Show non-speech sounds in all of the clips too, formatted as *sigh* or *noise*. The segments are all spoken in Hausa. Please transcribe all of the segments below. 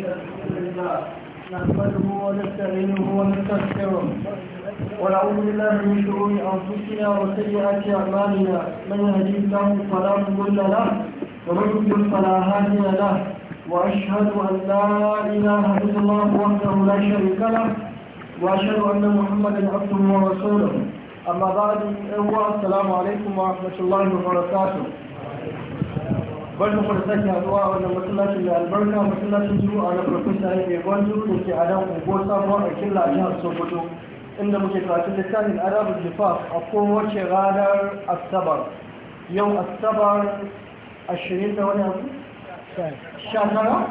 نحمده ونستعينه ونستغفره ونعوذ بالله من شرور انفسنا وسيئات اعمالنا من يهدي الله فلا مضل له ومن يضلل فلا هادي له واشهد ان لا اله الا الله وحده لا شريك له واشهد ان محمدا عبده ورسوله اما بعد السلام عليكم ورحمه الله وبركاته barka mu da sake haduwa wannan masallacin mai albarka masallacin a na farfesa ne mai gwanzu da ke a nan unguwar sabuwar a killa a jihar sokoto inda muke karatun littafin arabul jifaf a kowace ranar asabar yau asabar ashirin da wani abu sha tara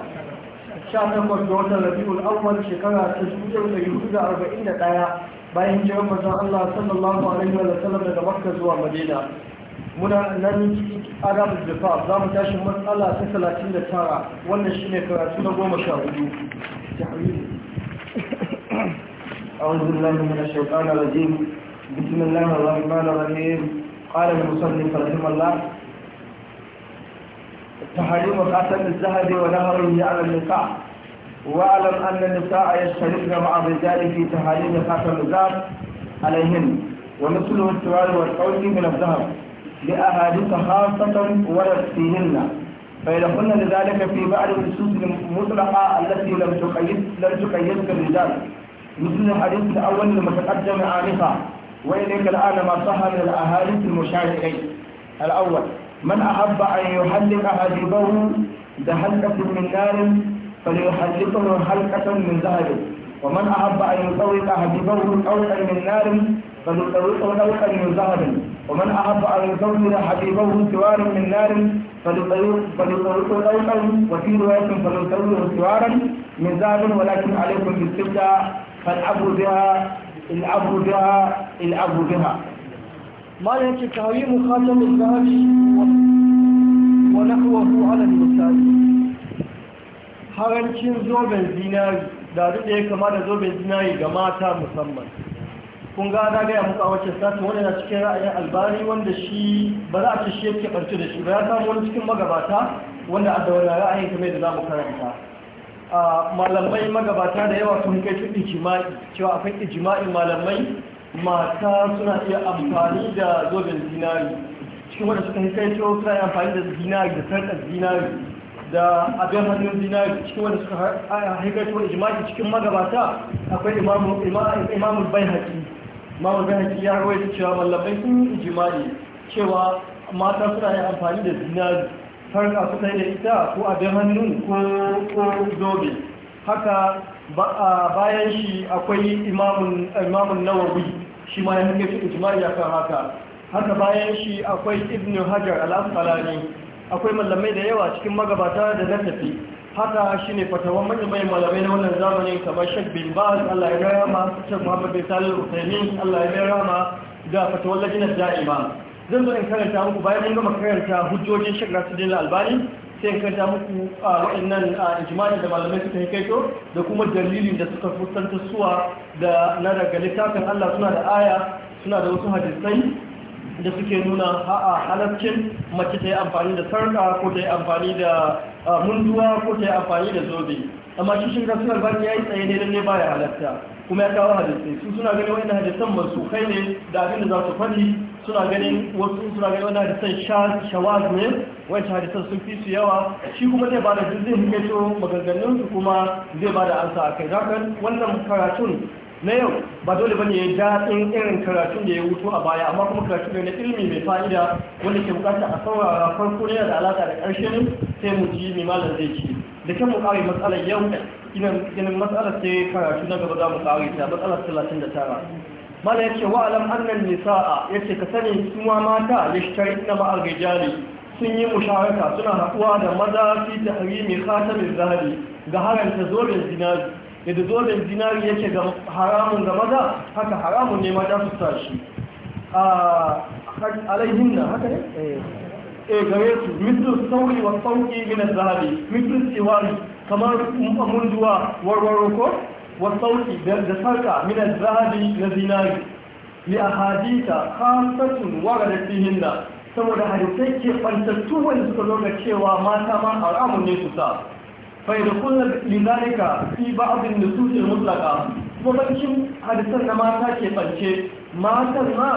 sha takwas ga watan rabiul awwal shekara ta dubu da yuhu da arba'in da daya bayan jiran mazan allah sallallahu alaihi wa sallam daga makka zuwa madina muna nan adam zifa za mu tashi matsala ta talatin da ولا wannan shi ne karatu na goma أعوذ بالله من الشيطان الرجيم بسم الله الرحمن الرحيم قال المصنف رحمه الله تحريم خاتم الذهب ونهره على النساء واعلم أن النساء يشتركن مع الرجال في تحريم خاتم الذهب عليهن ومثله السؤال والقول من الذهب لأحاديث خاصة ولد فيهن قلنا لذلك في بعض النصوص المطلقة التي لم تقيد لم تقيد بالرجال مثل الحديث الأول المتقدم عنها وإليك الآن ما صح من الأحاديث المشاركين الأول من أحب أن يحلق حديبه بحلقة من نار فليحلقه حلقة من ذهب ومن أحب أن يطوق حديبه طوقا من نار فلطلوقا من ذهب ومن أحب أن يزوج حبيبه سوارا من نار فلطلوقا وفي رواية فلطلوقه سوارا من ذهب ولكن عليكم بالستة فالعبوا بها العبوا بها العبوا بها ما يكي تهيم خاتم الذهب ونحوه على المساجد harancin zoben zinari da duk da ya kama da zoben zinari ga mata musamman kun ga ana gaya muku a wacce sati wani na cikin ra'ayin albani wanda shi ba za a ci shi yake ɓarci da shi ba ya samu wani cikin magabata wanda a da wani ra'ayin kamar da za mu karanta malamai magabata da yawa sun kai cikin jima'i cewa akwai jima'i malamai mata suna iya amfani da zoben zinari cikin wanda suka kai cewa suna iya amfani da zinari da sarkar zinari da abin hannun zinari cikin wanda suka haika cewa jima'i cikin magabata akwai imamun bai haƙi mamun ganin ya rawaita cewa mallakai sun yi ijimai cewa mata suna yin amfani da zinari farka su da ita ko a abin hannu ko zobe haka bayan shi akwai imamun nawawi shi ma ya nuna su akan haka haka bayan shi akwai ibn hajar al'asqalani akwai mallamai da yawa cikin magabata da na tafi haka shi ne fatawar manyan malamai na wannan zamanin kamar shek bin baz allah ya raya ma shek muhammad bin salil usaimin allah ya da fatawan lajinar da'ima zan zo in karanta muku bayan mun gama karanta hujjojin shek nasiruddin albani sai in karanta muku a ah, waɗannan ah, ijma'i da malamai suka yi kaito da kuma dalilin da suka fuskanta suwa da na daga littafin allah suna da aya suna da wasu hadisai da suke nuna a'a halarcin mace ta yi amfani da sarka ko ta yi amfani da munduwa ko ta yi amfani da zobe amma shi shi rasu ya yi tsaye ne baya halarta kuma ya kawo hadisai su suna ganin wani hadisan masu kai ne da abin da za su faɗi suna ganin wasu suna ganin wani hadisan shawaz ne wancan hadisan sun fi su yawa shi kuma zai ba da zai hikaito maganganun su kuma zai ba da ansa a kai zakan wannan karatun na yau ba dole ba ne ya daɗin irin karatun da ya wuto a baya amma kuma karatu ne na ilimi mai fa'ida wanda ke bukata a saurara farko ne da alaƙa da ƙarshe ne sai mu ji mai malam zai ci da kyau mu ƙare matsalar yau ina matsalar sai karatu na gaba za mu ƙari ta matsalar talatin da tara Mana ya ce wa'alam annan nisa'a ya ce ka sani kuma mata yashtar na ma'ar jari, sun yi musharaka suna haɗuwa da maza fi mai khatamin zahari ga haranta zoben zinari yadda zoben zinari yake haramun ga maza haka haramun ne mata su tashi a alaihin nan haka ne? e gare su mitul sauri wa sauki min zahari mitul tsiwari kamar munduwa warwaro ko wa sauki da sarka min zahari na zinari hadita ahadita wara da fihin nan saboda hadisai ke ɓantattu wani suka zo cewa mata ma haramun ne su sa فيدخلن لذلك في بعض النصوص mutlaka mafarkin hadisan da mata ke ɓance matan ma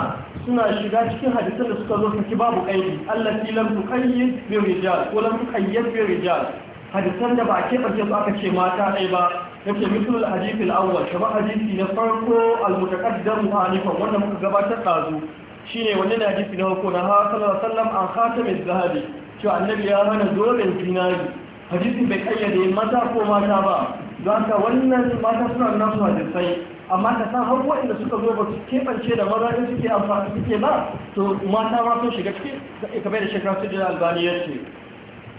suna shiga cikin hadisan da suka zo saki babu ƙaidi Allah fi lam tuqayyid bi rijal ko lam tuqayyid bi rijal hadisan da ba a keɓance su aka ce mata ɗaya ba yake misul al-hadith al-awwal hadisi na farko almutakaddar mutaqaddam anifan wanda muka gabatar dazu shine wannan hadisi na farko na ha sallallahu alaihi wasallam an khatamin zahabi cewa annabi ya hana zoben zinari hadisin bai kayyade mata ko mata ba don ka wannan mata suna nasu hadisai amma ka san har waɗanda suka zo ba su keɓance da maza da suke amfani suke ba to mata ma sun shiga ciki kamar da shekara su jira albani ya ce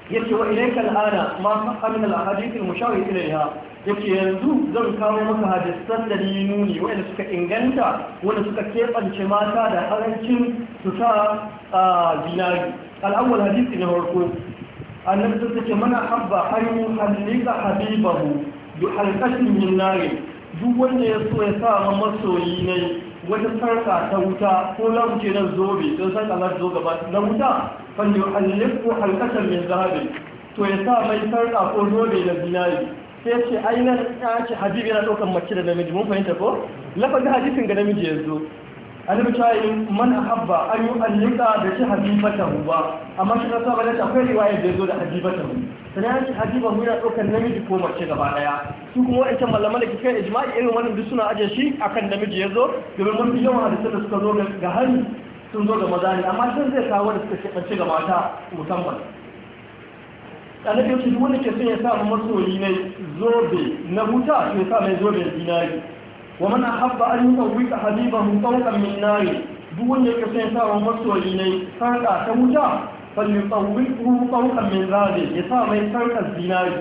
yake wa ilaika al'ana ma sa'amin al-hadith al ilayha yake yanzu zan kawo maka hadisan da ni nuni wanda suka inganta wanda suka kebance mata da harancin su sa ah, zinari al hadisi na farko annabi sun ce mana habba an yi ga habibahu bi halkashin yin nare duk wanda ya so ya sa ma masoyi ne wata sarka ta wuta ko lauce na zobe don san za zo gaba na wuta fan yi ko halkashin min zahabi to ya sa mai sarka ko zobe na zinari sai ce ainihin ya ce habibi yana ɗaukar mace da namiji mun fahimta ko lafazin hadisin ga namiji ya zo. annabi ta yi man habba an yi allika da shi habibatahu ba amma shi kasa ba da akwai riwayar da zo da habibatahu sai ya ce habibahu yana ɗaukar namiji ko mace gaba ɗaya su kuma wa'ancan malaman da kika ijma'i irin wannan duk suna ajiye shi akan namiji ya zo domin mafi yawan hadisan da suka zo ga hari sun zo ga maza ne amma shi zai kawo da suka keɓance ga mata musamman annabi ya ce duk wanda ke son ya sa masoyi na zobe na huta to ya sa mai zobe dinari wa man ahabba an yutawwika habibahu fawqan min nar duk wanda yake son sa wa masoyi ne sarka ta wuta falyutawwiku fawqan min zalim ya sa mai sarkar zinari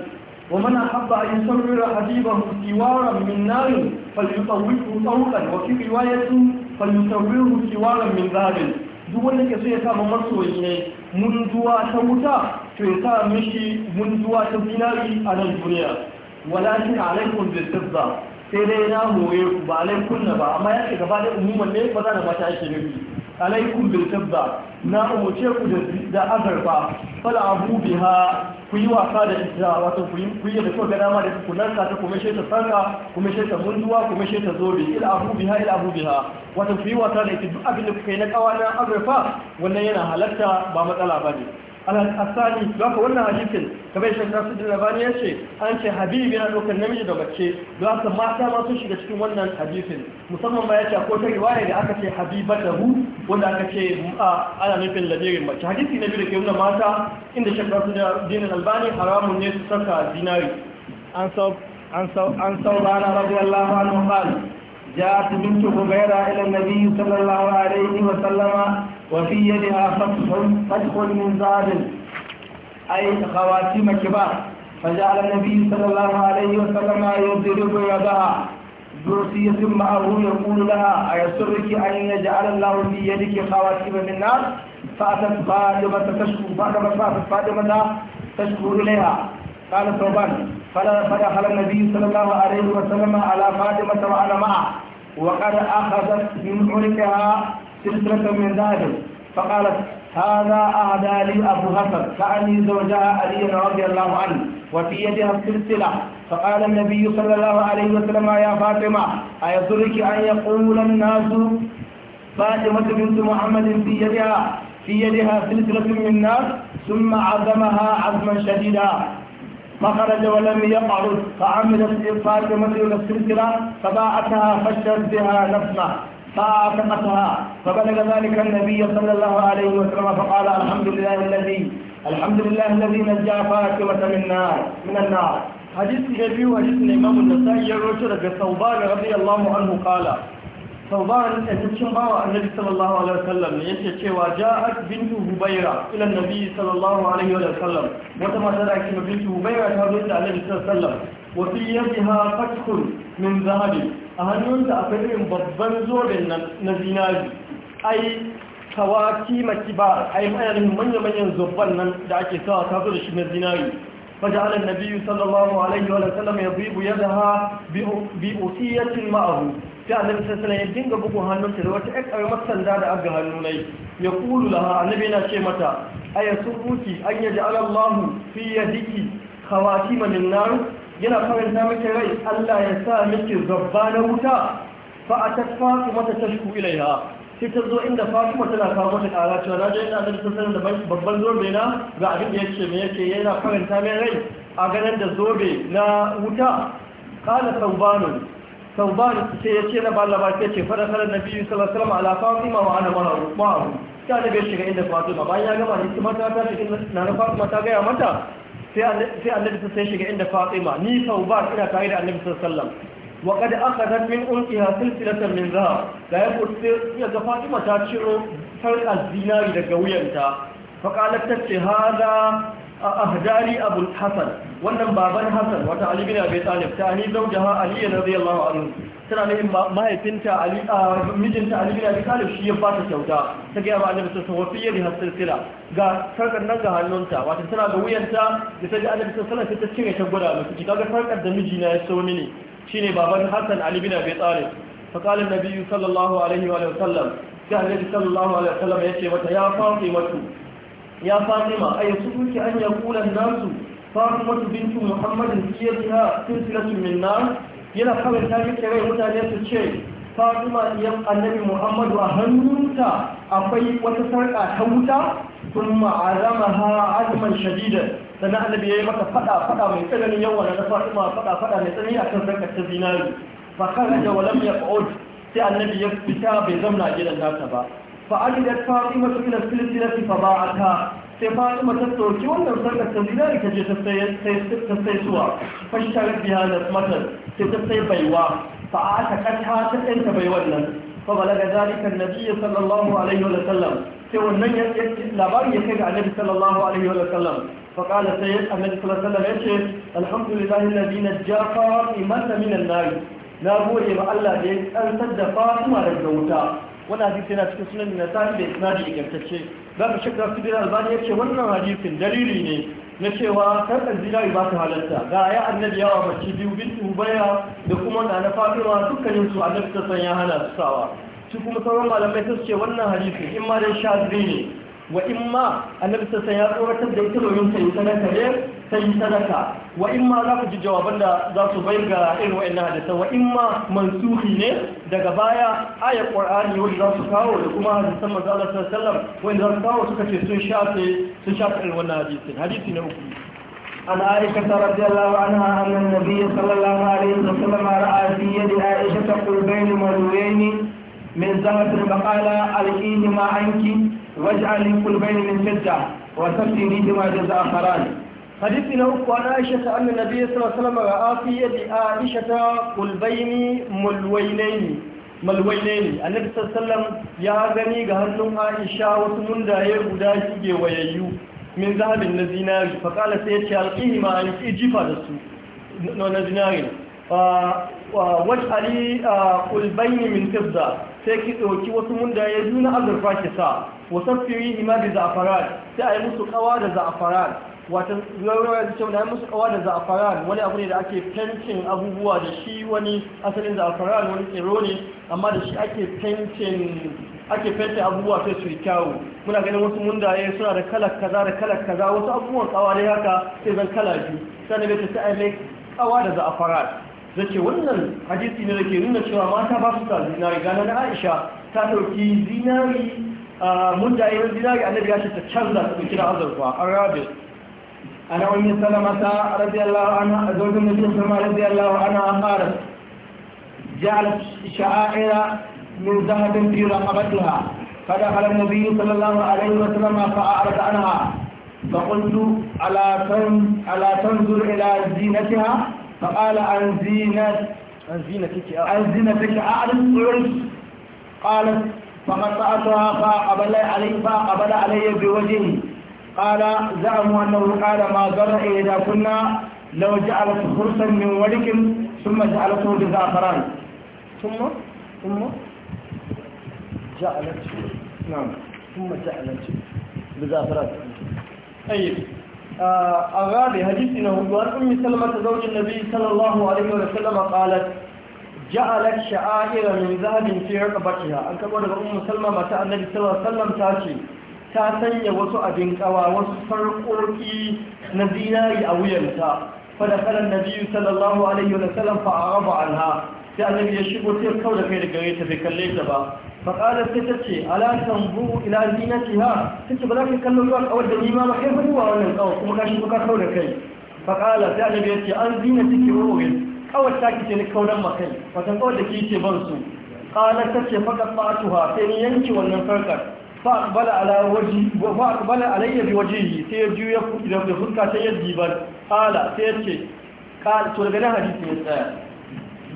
wa man ahabba an yusawwira habibahu siwaran min nar falyutawwiku fawqan wa fi riwayatin falyutawwiru siwaran min zalim duk wanda ke so ya sa masoyi ne mun zuwa ta wuta to ya sa mishi mun zuwa ta zinari a nan duniya walakin alaikum bisirza sai dai na more ku ba alai kunna ba amma ya ce gaba da umuman ne ba za da mata ake nufi alaikum bil tabba na umuce ku da azarfa fala abu biha ku yi wasa da ita wato ku yi ku yi da kuma gada ma da ku narka ta kuma sheta sarka kuma sheta munduwa kuma sheta zobe ila abu biha ila abu biha wato ku yi wasa da ita duk abin da kuka yi na kawana azarfa wannan yana halatta ba matsala ba ne. al-asani don haka wannan hadisin kamar shan nasu da labani ya ce an ce habibi na ɗaukar namiji da mace don haka mata ma sun shiga cikin wannan hadisin musamman ma ya ce ko ta riwaya da aka ce habiba da hu wanda aka ce a ana nufin lamirin mace hadisi na biyu da ke nuna mata inda shaka su da dinin albani haramun ne su saka zinari an sau rana rabu Allah wa جاءت بنت هبيرة إلى النبي صلى الله عليه وسلم وفي يدها فتح فتح من زاد أي خواتيم كبار فجعل النبي صلى الله عليه وسلم يضرب يدها برسية معه يقول لها أيسرك أن يجعل الله في يدك خواتيم من نار فأتت فاطمة تشكو فاطمة فاطمة تشكو إليها قال ثوبان فدخل النبي صلى الله عليه وسلم على فاطمة وأنا معه وقد أخذت من عنقها سلسلة من ذلك فقالت هذا أهدى لي أبو حسن كأني زوجها علي رضي الله عنه وفي يدها السلسلة فقال النبي صلى الله عليه وسلم يا فاطمة أيسرك أن يقول الناس فاطمة بنت محمد في يدها في يدها سلسلة من نار ثم عزمها عزما شديدا فخرج ولم يقعد فعملت فاطمة السلسلة فباعتها فشت بها نفسها فاعتقتها فبلغ ذلك النبي صلى الله عليه وسلم فقال الحمد لله الذي الحمد لله الذي نجى فاطمة من النار من النار حديث نبي وحديث الإمام النسائي يروي رضي الله عنه قال sauban ɗancin bawa annabi sallallahu alaihi wasallam ne yake cewa ja'at bintu hubaira ila annabi sallallahu alaihi wasallam wata mata da ake bintu hubaira ta zo da annabi sallallahu alaihi wasallam wa fi yadiha min zahabi a hannunta akwai irin babban zoben na zinari ai kawaki makiba ai mayarin manya-manyan zobban nan da ake sawa ta zo da shi na zinari فجعل النبي صلى الله عليه وسلم يضرب يدها بأسية معه sai annabi sallallahu ya dinga bugun hannunta da wata ƴar ƙarfi sanda da aga hannu hannunai. ya kulu ha annabi yana ce mata A kuki, an yaj'al Allahu fi diki khawatima min nar yana faranta mace rai Allah ya sa miki zabba na wuta fa fasu mata ta ilai ha sai ta zo inda Fatima tana kawo mata ƙara cewa na je annabi sallallahu da babban zobe na ga abin da ya ce me yake yana faranta mai rai a ganin da zobe na wuta qala sauvanon. sauban sai ya ce na ba da ke ce fara fadakar na biyu salasalam alafafi ma wa'ana mara ma'ahu ta da bai shiga inda fatima bayan ya gama ne kuma ta ta shiga na na fatima ta gaya mata sai annabi ta sai shiga inda fatima ni sauban ina tare da annabi sallam wa kada aka zan min ulkiha silsilatan min zaha da ya kurce ya ga fatima ta ciro sarƙar zinari daga wuyanta faƙalar ta ce haza ahdari abul hasan wannan baban hasan wata ali bin abi talib ta ni ha ali radiyallahu anhu tana ne mahaifinta ali mijinta ali bin abi talib shi ya fata kyauta ta ga ba annabi sallallahu alaihi wasallam har silsila ga sarkar nan ga hannunta wato tana ga wuyanta da ta ji annabi sallallahu alaihi wasallam ta cire ta gwada miki kaga sarkar da mijina ya so mini shine baban hasan ali bin abi talib fa qala an-nabi sallallahu alaihi wa sallam sai annabi sallallahu alaihi wa sallam yace mata ya fatima يا فاطمة أيسرك أن يقول الناس فاطمة بنت محمد سيرتها سلسلة min na? yana ta miki rai mutane su ce fatima yan annabi muhammadu a hannunta akwai wata sarƙa ta wuta sun ma'azama ha azuman shadida sannan annabi ya yi maka fada fada mai tsananin yawan na fatima fada fada mai tsanani a kan sarƙa ta zinari fakar da walam ya ƙa'ud sai annabi ya fita bai zamna gidan nasa ba فعلدت فاطمة من السلسلة فضاعتها فاطمة تتوكي وأنه سرقت لذلك تستيسوها فاشتغلت بها المثل تستي بيوا فأعتقتها تأنت بيوانا فبلغ ذلك النبي صلى الله عليه وسلم سوى النبي لابان يكيد عن النبي صلى الله عليه وسلم فقال سيد النبي صلى الله عليه وسلم الحمد لله الذي نجا فاطمة من النار na gode ma Allah da ya tsantar da Fatima wannan hadisi yana cikin sunan na sahi da isnadi ingantacce za mu shakka su bin albani ya ce wannan hadisin dalili ne na cewa sarkar zinari ba ta halarta ga ya annabi yawa mace biyu bin ubaya da kuma na na fatima dukkanin su annabi ta san ya hana su sawa shi kuma sauran malamai su ce wannan hadisin in ma dai sha ne wa in ma annabi ta san ya tsoratar da ita domin ta yi sadaka ne sai sadaka wa in ma za ku ji jawaban da za su bai ga irin wa'annan hadisa wa in ma mansuhi ne daga baya ayat qur'ani wanda za su kawo da kuma hadisan manzo Allah sallallahu alaihi wasallam wanda za su kawo suka ce sun shafe sun shafe irin wannan hadisin hadisi na uku عن عائشة رضي الله عنها أن النبي صلى الله عليه وسلم رأى في يد عائشة قلبين ملوين من ذهب فقال ألقيهما حديث na عن عائشة ta النبي صلى الله عليه وسلم رأى في يد عائشة قلبين ملوينين malwaine annabi ya gani ga hannun Aisha wasu mundaye guda shige wayayyu min zahabin na zinari fa kala sai yace alqihi ma an ki jifa da su na zinari wa ali qulbayn min sai ki dauki wasu mundaye biyu azurfa kisa, sa wa saffiri ima bi za'faran sai ayi musu ƙawa da za'faran wata rawar da cewa musu kawa da za'afaran wani abu ne da ake fentin abubuwa da shi wani asalin za'afaran wani tsero ne amma da shi ake fentin ake fentin abubuwa sai su yi kyawu muna ganin wasu mundaye suna da kalar kaza da kalar kaza wasu abubuwan kawa dai haka sai zan kala biyu sannan bai ta sai mai kawa da za'afaran zace wannan hadisi ne da ke nuna cewa mata ba su sa zinari gana na aisha ta ɗauki zinari mundaye zinari annabi ya ce ta canza su kira azurfa an rabin أنا أمي سلمة رضي الله عنها زوج النبي صلى الله رضي الله عنها قالت جعلت شعائر من ذهب في رقبتها فدخل النبي صلى الله عليه وسلم فأعرض عنها فقلت ألا ألا تنظر إلى زينتها فقال عن زينة عن زينتك آه. أعرض عرض قالت فقطعتها فأقبل علي فأقبل علي بوجهي ƙala za a mu wannan ƙala ma zarra iya da kunna lau ji alfahursan min walikin sun mace alfahur da za a fara ne. sun ma? sun ma? ji sun mace alfahur da za a fara ne. ayyi a gabi hadisi na hudu an ummi salmata zaunin nabi sallallahu alaihi wa sallam a ƙalat ja'alat sha'a'ira min zahabin fiye ka bakiya an kaɓo daga ummi salma mata annabi sallallahu alaihi wa sallam ta ce ta sanya wasu abin kawa wasu farkoki na zinari a wuyanta na biyu sallallahu alaihi wa sallam fa araba anha sai annabi ya shigo sai kau da kai da gare ta bai kalle ta ba faƙalar sai ta ce alasan tambu ila zinatiha ta ce ba za ka kallon zuwa kawar da nima ba kai huduwa wannan kawar kuma ka shigo ka kawo da kai faƙalar sai annabi ya ce an zina take wurin kawar ta kice ni kauran makai wata kawar da ke ce ban su ƙalar ta ce faƙar fa'atuha sai ni yanki wannan farkar a ya فأقبل على وجهي sai ya بوجهه سيجو يفو إذا يفنك سيجي بل قال hadisi ya tsaya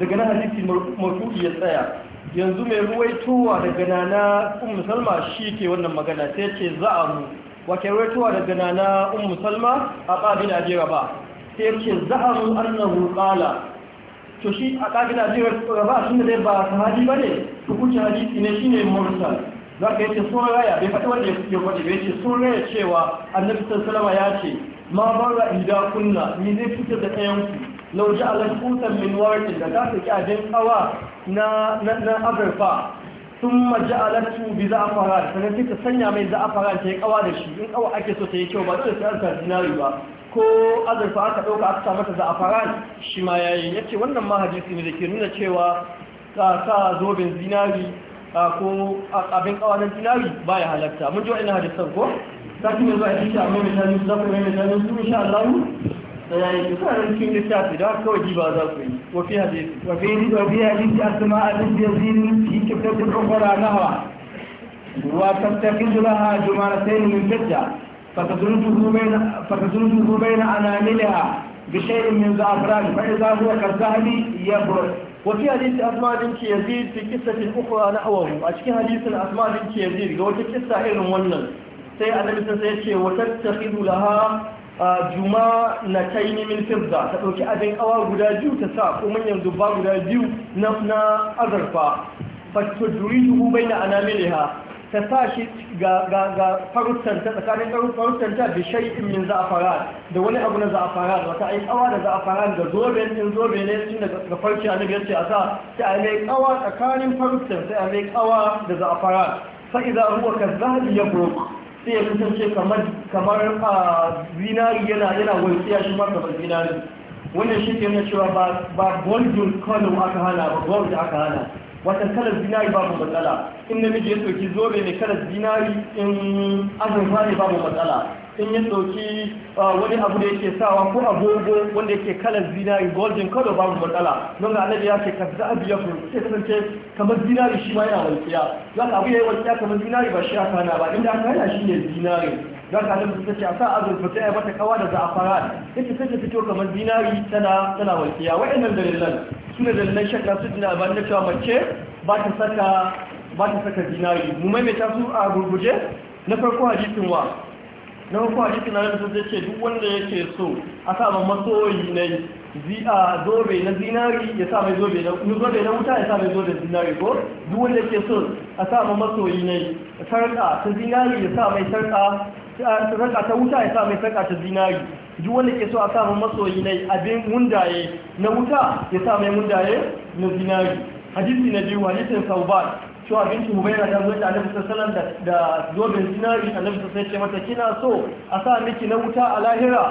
daga nan hadisi mafi ya tsaya yanzu mai ruwai ruwaitowa daga na ummu musalma shi ke wannan magana sai ce za a mu wake ruwaitowa daga na ummu musalma a ƙabin ajiyar ba sai ce za a mu na hulƙala to shi a ƙabin ajiyar ba shi ne ba hadi ba ne kuce hadisi ne shi ne mursal za ka ce sun raya bai faɗi wanda ya kuke faɗi bai ce sun raya cewa annabi sallallahu ya ce ma barra ida kunna ni zai fitar da ɗayan ku lau ji alal min warqin da za ki abin kawa na na na abarfa sun maji bi za a fara sannan sanya mai za a fara ta yi kawa da shi in kawa ake so ta yi kyau ba dole sai an sa dinari ba ko azarfa aka ɗauka aka sa mata za a fara shi ma yayi yace wannan ma hadisi ne da ke nuna cewa ka sa zobin zinari ko abin kawanan tilawi ba ya halatta mun ji wa'in hadisan ko zaki mai zuwa cikin amma mai tanin su zafi mai mai tanin su insha Allah da ya yi kusa da cikin littafi da kawai jiba za ku yi wafi hadisi wafi wafi hadisi a asma abin da yazini fi fara na hawa wa ha tattakizu laha jumaratayn min fidda fatadrujuhu bayna fatadrujuhu bayna anamilha بشيء من زعفران فإذا هو كالذهب يبرد wasu hadisi asma bin kiyazid fi kisatin ukhra nahwahu a cikin hadisin asma bin kiyazid ga wata kissa irin wannan sai annabi sun sai yace wa tattakhidu laha juma na tayni min fidda ta ɗauki abin kawa guda biyu ta sa kuma mun yanzu ba guda biyu na na azarfa fa tudrihu baina anamiliha ta sa shi ga faruttanta tsakanin faruttanta da shai'in min za'afaran da wani abu na za'afaran wata ai kawa da za'afaran da zobe in zobe ne tun daga farci annabi yace a sa sai ai mai kawa tsakanin farutan sai ai mai kawa da za'afaran fa idza huwa kadhabi yabruk sai ya kasance kamar kamar zinari yana yana wantsiya shi ma kamar zinari wannan shi ke nuna cewa ba ba gold color aka hana ba gold aka hana watan kalar zinari babu matsala in namiji ya soki zobe mai kalar zinari in azurfa ne babu matsala in ya soki ah, wani abu da yake sawa ko agogo wanda yake kalar zinari golden color babu matsala don ga annabi ya ce ka za a biya ku sai kasance kamar zinari shi ma yana walƙiya za ka abu ya yi walƙiya kamar zinari ba shi aka na ba inda aka yana shi ne zinari za ka halin ta ce a sa azurfa ta yi mata kawa da za'afaran ita sai ta fito kamar zinari tana tana walƙiya wa'annan dalilan suna da nan shakka su dina ba na cewa mace ba ta saka ba ta saka zinari mu maimaita su a gurguje na farko hadisin wa na farko hadisin na da ce duk wanda yake so a sa masoyi masoyi ne zobe na zinari ya sa mai zobe na zobe na wuta ya sa mai zobe zinari ko duk wanda ke so a sa ma masoyi ne sarka ta zinari ya sa mai sarka sarka ta wuta ya sa mai sarka ta zinari duk wanda ke so a sa ma masoyi ne abin mundaye na wuta ya sa mai mundaye na zinari hadisi na biyu hadisin sauban cewa binci hubaira ta zo ta annabi sallallahu da zobe zinari annabi sallallahu alaihi wasallam ce mata kina so a sa miki na wuta a lahira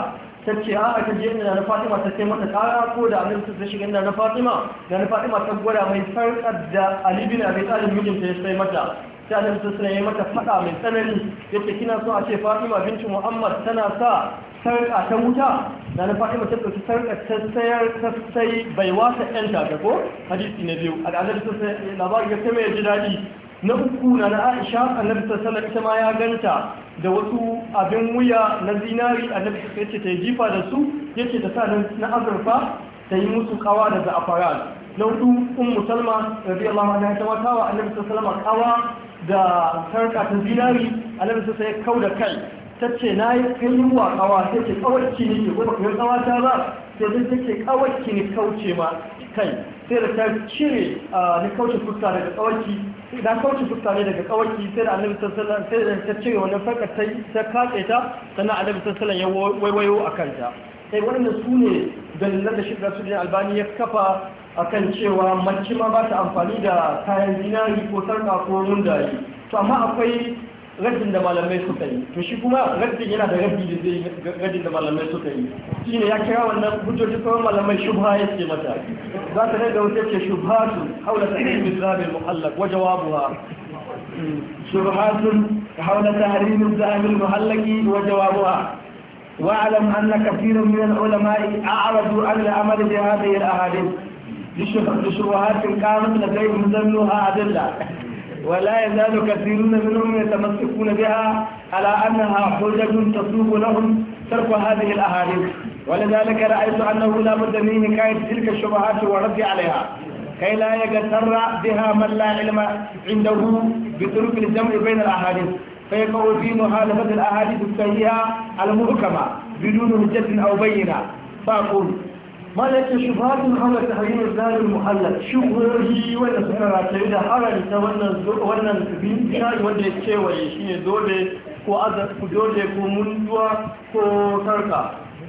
ta ce a aka je na fatima ta kai mata kara ko da su ta shiga na fatima na fatima ta gwada mai sarkar da ali bin abi talib mijinta ya sai mata sai su ta sai mata faɗa mai tsanani Yadda kina so a ce fatima binti muhammad tana sa sarka ta wuta na fatima ta ce sarka ta sayar ta sai bai wasa yan ta ko hadisi na biyu a annabi ta sai ya sai mai ji dadi na uku na na aisha annabi sana ita ma ya ganta da wasu abin wuya na zinari a nabta ya ce ta yi jifa da su ya ce ta sa na azurfa ta yi musu kawa da za'afaran na hudu ummu rabi radiyallahu na ta wata wa nabta salama kawa da sarka ta zinari nabta sai kau da kai tace na yi wa kawa sai ce kawai ne ko ba kai kawa ta ba sai take kawai ne kauce ma kai sai da ta cire na kauce fuska daga kawaki idan kauce fuska ne daga kawaki sai da annabi sallallahu alaihi wasallam ta cire wannan farka ta ta katse ta sannan annabi sallallahu alaihi wasallam ya waiwayo akan ta sai wannan su ne dalilan da shi da sujin albani ya kafa a kan cewa mace ma ba ta amfani da kayan zinari ko sarka ko mundaye to amma akwai raddin da malamai suka yi to shi kuma raddin yana da raddi da zai raddin da malamai suka yi shi ne ya kira wannan hujjoji kawai malamai shubha ya ce mata za ta daga wata ce shubhatu haula tahrim al-zahab al-muhallaq wa jawabuha shubhatun haula tahrim al-zahab al-muhallaq wa jawabuha واعلم أن كثيرا من العلماء أعرضوا عن العمل بهذه الأحاديث لشبهات كانت لديهم ذنبها أدلة ولا يزال كثيرون منهم يتمسكون بها على أنها حجج تصوب لهم ترك هذه الأحاديث ولذلك رأيت أنه لا بد من حكاية تلك الشبهات والرد عليها كي لا يتسرع بها من لا علم عنده بطرق الجمع بين الأحاديث فيقوم في مخالفة الأحاديث السيئة المحكمة بدون حجة أو بينة فأقول ما لك شبهات خمس تحريم الزاد المحلل شبهه wanda suka rataye da ta wannan bin shayi wanda ya kewaye shine ne dole ko azarku dole ko munduwa ko sarka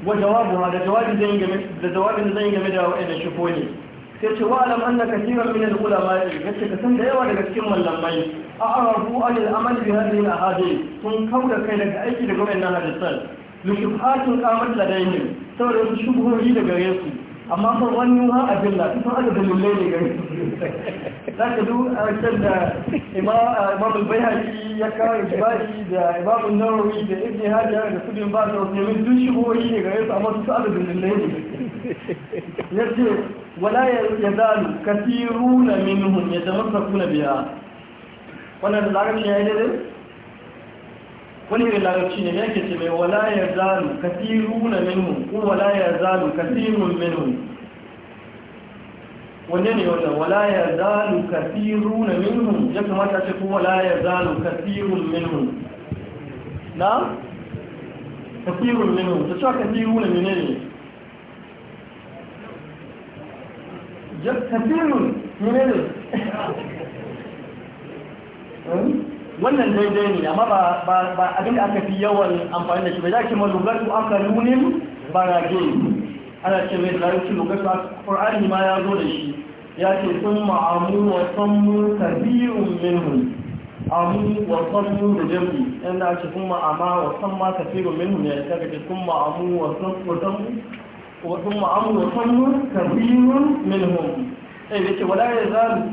wa jawabu ha da jawabin zai game da wa'ina shifo ne sai ce wa alam anna kasiran min al-ulama yace ka san da yawa daga cikin mallamai a a'rafu an al-amal bi hadhihi al-ahadith sun kauda kai daga aiki da gwamnatin hadisan li shubhatin qamat ladayhim saboda wasu shubuhohi da gare su amma fa wani ha a jilla kusan aka dalilai ne gare su za ka duk a can da imam albayhaki ya kawo ijibari da imam nawawi da ibn hajar da sudin ba da wasu duk shubuhohi ne gare su amma su aka dalilai ne ya ce wala ya zalu Kasiru kasiruna minhum ya tamassaku na biya wannan da zarar shi ya yi daidai wani irin larabci ne yake ce mai wala ya zalu kasiruna minhum ko wala ya zalu kasirun minhum wanne ne wata, wala ya zalu kasiruna minhum ya kamata ce ko wala ya zalu kasirun minhum na kasirun minhum ta cewa kasiruna menene kasirun ne? *laughs* wannan daidai ne amma ba abinda aka fi yawan amfani da shi ba zaki ki ma lugatu aka nunin barage ana ce mai larabci lugatu aka ƙur'ani ma ya zo da shi ya ce sun ma'amu wa sanmu kabirun minhum amu wa sanmu da jami yadda ake sun ma'ama wa sanma kabirun minhum ya ta gaji sun ma'amu wa sanmu wa sanmu kabirun minhum sai da ce wala ya zalu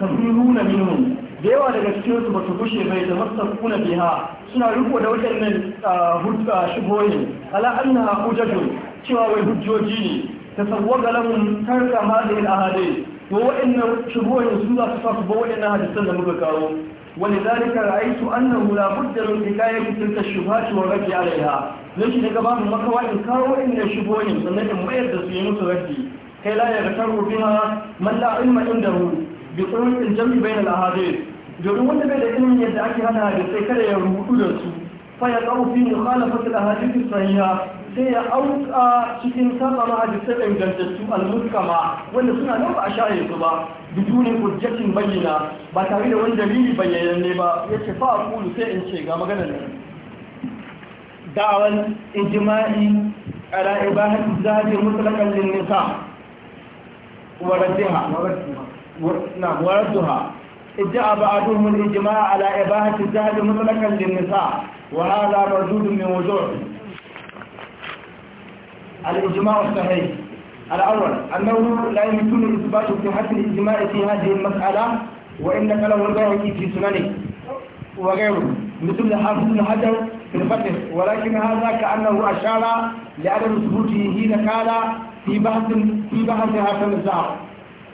kabiruna minhum da yawa daga cikin su basu gushe bai da masu biha suna riko da wajen nan ah, hudda ah, shigoyi ala anna hujjatun cewa wai hujjoji ne ta sabuwa ga lamun tarka mazin ahade to wa'annan shigoyi sun za su fasu ba wa'annan hadisan da muka kawo wani zalika ra'aitu annahu la budda min hikayat tilka shubhat wa raddi alaiha nashi daga ba mu maka wani kawo wa'annan shigoyi sannan in mayar da su yi musu raddi kai la ya ga tarro biha man la ilma indahu bi tsawon jami'in bayan al'ahadir domin wanda bai da ilimin yadda ake hana da sai kada ya rubutu da su fa ya tsawo fi da ahadith sanya sai ya auka cikin saba ma hadisai da ingantattu al-muskama wanda suna nan ba a shaye su ba bidunin hujjatin bayyana ba tare da wani dalili ne ba Ya ce fa a kulu sai in ce ga maganar nan da'awan ijma'i ala ibahati zahiri mutlaqan lin wa raddiha wa raddiha ادعى بعضهم الإجماع على إباحة الزهد مطلقا للنساء وهذا موجود من وجوه الإجماع الصحيح الأول أنه لا يمكن إثبات صحة الإجماع في هذه المسألة وإن كلام البيهقي في سننه وغيره مثل حافظ بن حجر في الفتح ولكن هذا كأنه أشار لعدم ثبوته حين قال في بحث في بحث هذا النزاع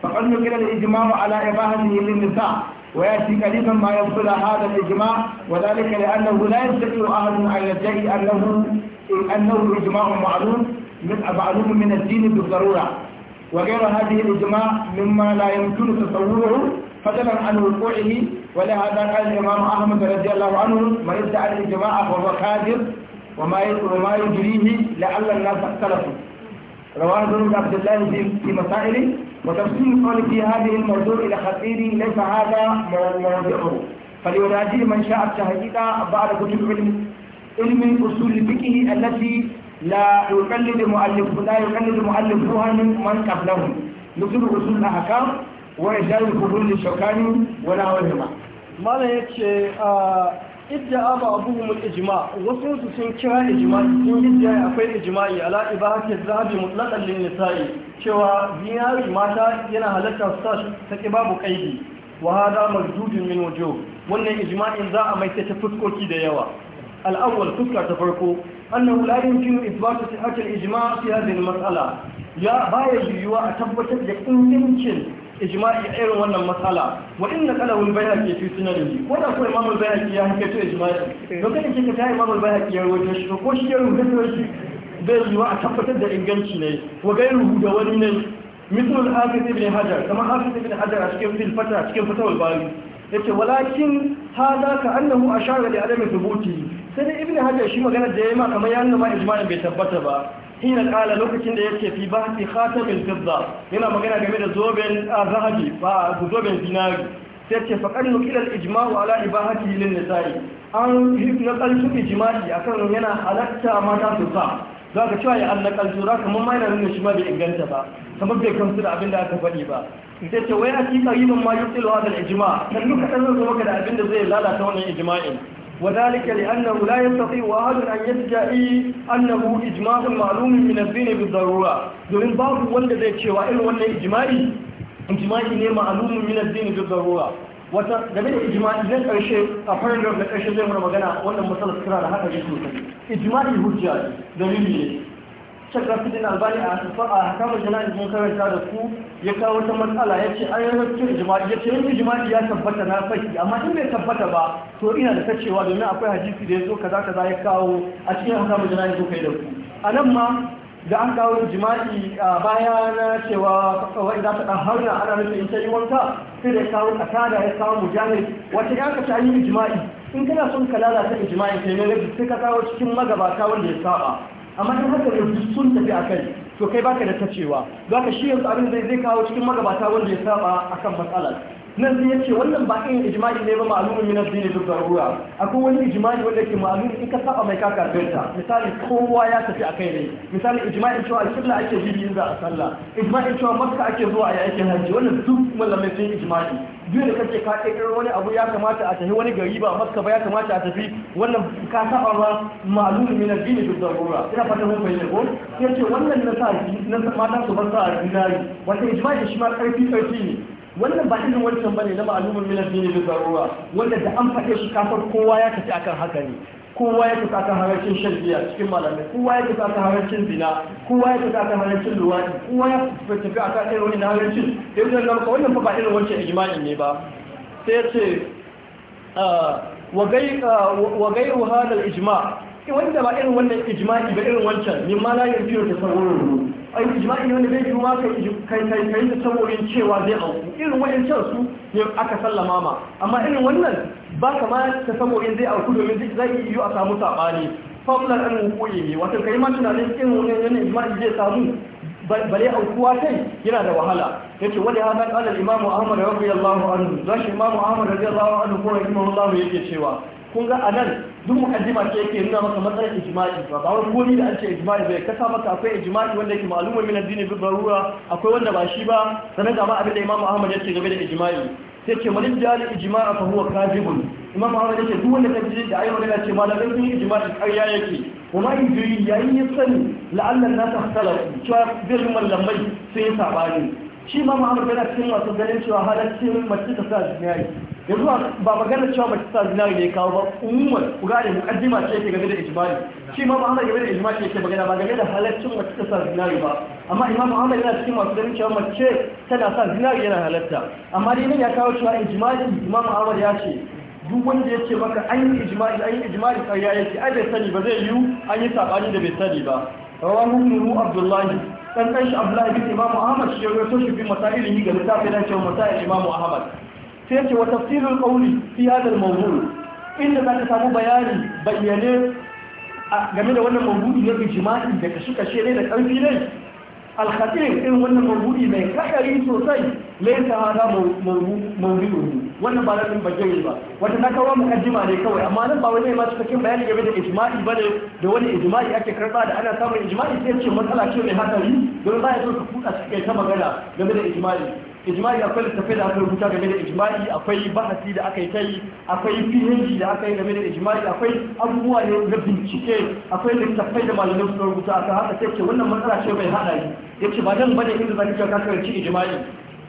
فقد نقل الإجماع على إباحته للنساء ويأتي قريبا ما يفصل هذا الإجماع وذلك لأنه لا يستطيع أحد أن يدعي أنه أنه إجماع معلوم معلوم من الدين بالضرورة وغير هذه الإجماع مما لا يمكن تصوره فضلا عن وقوعه ولهذا قال الإمام أحمد رضي الله عنه من يدعي الإجماع فهو كاذب وما يجريه لعل الناس اختلفوا رواه ابن عبد الله في مسائله وتفسير قال في هذه الموضوع إلى خطير ليس هذا موضعه فلينادي من شاء التهديد بعد كتب علم علم أصول الفقه التي لا يقلد مؤلف لا يقلد مؤلفها من قبلهم مثل أصول الأحكام وإجلال الفضول للشوكاني ونحوهما. ما لا يكشي آه، idda ba abubuwan ijima wasu su sun kira ijima'i sun idda akwai ijima'i ala ibahatin zahabi mutlaƙan lin nisa'i cewa ziyari mata yana halatta su ta ƙi babu ƙaidi wa hada mardudin min wajo wannan ijima'in za a maita ta fuskoki da yawa al'awwal fuska ta farko annahu la yumkinu ithbatu sihhatil ijma' fi hadhihi al-mas'ala ya baya yiwuwa a tabbatar da ingancin ijma'i irin wannan matsala wa inna qalawul bayhaqi fi sunanihi ko da kuma imamul bayhaqi ya haka to ijma'i don kada kike ta imamul bayhaqi ya rawaito shi ko shi ya rawaito shi bai wa a tabbatar da inganci ne wa gairu da wani ne مثل الحافظ ابن حجر كما حافظ ابن حجر اشكي في الفتح cikin فتح bari yace walakin hada ka annahu ashara li adam thubuti sai ibn hajar shi magana da yayi ma kamar ya nuna ma ijma'i bai tabbata ba hina kala lokacin da ya ce fi ba fi khatamin fidda yana magana game da zoben zahabi ba zoben zinari sai ce faƙar nukilar ijma'u ala ibahati lin nisa'i an na ƙarfin ijma'i akan yana halatta mata su sa za ka cewa ya Allah kalzu za ka yana nuna shi ma bai inganta ba kamar bai kamsu da abinda aka faɗi ba ita ce wai a ci ƙaribin ma yi tsilowa da ijima kan duka ɗan zama da abin da zai lalata wannan ijima'in وذلك لأنه لا يستطيع أحد أن يدعي أنه إجماع معلوم من الدين بالضرورة دون باب وند ذي cewa irin wannan ijma'i ijma'i ne ma'lumun min bi wata game da ijma'i zai karshe a paragraph da karshe zai mana magana wannan matsalar kira da haka yake sosai ijma'i hujja dalili ne cikin rafidin albani a a kamar jana'i sun karanta da ku ya kawo wata matsala ya ce ayyar rafidin jima'i ya ce yin jima'i ya tabbata na faki amma in bai tabbata ba to ina da kacewa domin akwai hadisi da ya zo kaza kaza ya kawo a cikin kamar jana'i zo kai da ku a nan ma da an kawo jima'i a baya na cewa kawai za ta dan harna ana nufin in ta yi wanka sai da kawo kasada ya kawo mujahid wata ya ka an yi jima'i in kana son ka lalata jima'i kai ne sai ka kawo cikin magabata wanda ya saba amma ta haka sun tafi a kai to kai baka da tacewa za ka shi yanzu abin da zai kawo cikin magabata wanda ya saba a kan matsalar nan sai ya ce wannan ba in ijma'i ne ba ma'alumin min addini duk ruwa akwai wani ijma'i wanda ke ma'alumin in ka saba mai ka misali kowa ya tafi a kai ne misali ijma'in cewa al ake bibi za a sallah ijma'in cewa makka ake zuwa a yakin hajji wannan duk malamai sun ijma'i duk da kake ka kai wani abu ya kamata a tafi wani gari ba makka ba ya kamata a tafi wannan ka saba ma ma'lum min addini bi darura ina fata mun bayyana ko sai ce wannan na sa na mata su bar sa a dinari wanda ijma'i shi ma karfi karfi ne wannan ba irin wancan bane na ma'lumin min addini bi darura wanda da an fade shi kafar kowa ya tafi akan haka ne kowa ya kusa kan harashin shan cikin malamai kowa ya kusa kan harashin zina kowa ya kusa kan harashin luwadi kowa ya tafi a kan irin wani harashin da yau zan gamka wannan ba irin wancan imanin ne ba sai ce ah, ah, wa gairu hadal ijma wanda ba irin wannan ijma'i ba irin wancan min ma la yurfiyu tasawwuru ai ijma'i ne wanda bai yiwu ma kai kai kai tasawwurin cewa zai auku irin wayancan su ne aka sallama ma amma irin wannan ba kama ta saboda zai auku domin zai yi a samu saɓani famlar an hukuyi ne wata kai ma tunanin cikin wani yanayin jima'i zai samu bale aukuwa kai yana da wahala ya ce wani hana ƙalar imamu ahmad rabbi allahu anhu za shi imamu ahmad rabbi allahu anhu ko rahimahu allahu yake cewa kun ga anan duk mukaddima ce yake nuna maka matsalar ijma'i ba ba wani gomi da an ce ijma'i bai kasa maka akwai ijma'i wanda yake ma'lumun min addini bi darura akwai wanda ba shi ba sanan ga ma abin da imamu ahmad ya game da ijma'i sai ce malin jali ijma'a fa huwa kadhibun imam ahmad yake duk wanda kaji da ayi magana ce a sun ijma'i ƙarya yake kuma in ji yayin ya sani la'alla na tahtala cewa zai mallamai sai ya sabani shi imam ahmad yana cin wasu ganin cewa halaccin mace ta sa jiyayi yanzu ba magana cewa ba sa zinari ne kawo ba umar kuga mukaddima ce yake game da ijmali shi ma Muhammad game da ijmali yake magana ba game da halaccin mace ta sa zinari ba amma Imam Muhammad yana cikin masu ganin cewa mace tana sa zinari yana halatta amma dai nan ya kawo cewa ijmali Imam Muhammad ya ce duk wanda ya ce maka an yi ijmali an yi ijmali ya ce. ai bai sani ba zai yiwu an yi sabani da bai sani ba rawahu Ibn Abdullahi dan kan shi Abdullahi bin Imam Ahmad shi ya rawaito shi bi masailin ga littafin nan cewa masail Imam Ahmad sai ce wa tafsirul qawli fi hada mawdu inda za ka samu bayani bayyane game da wannan ne na ijma'i da kashi kashe ne da karfi ne al-khatir irin wannan mawdu'i mai kakari sosai ta hada mawdu'u wannan ba nan bayyane ba wata na kawo mukaddima ne kawai amma nan ba wani ma cikakken bayani game da ijma'i ne da wani ijma'i ake karba da ana samun ijma'i sai ce matsala ce mai hatsari don ba ya so ka kuka cikin ta magana game da ijma'i ijma'i akwai littafai da aka rubuta game da ijma'i akwai bahasi da aka yi ta akwai phd da aka yi game da ijma'i akwai abubuwa ne na bincike akwai littafai da malamai suka rubuta aka haka sai ce wannan matsala ce mai hada yi yace ba dan bane inda zaka ce ka karanci ijma'i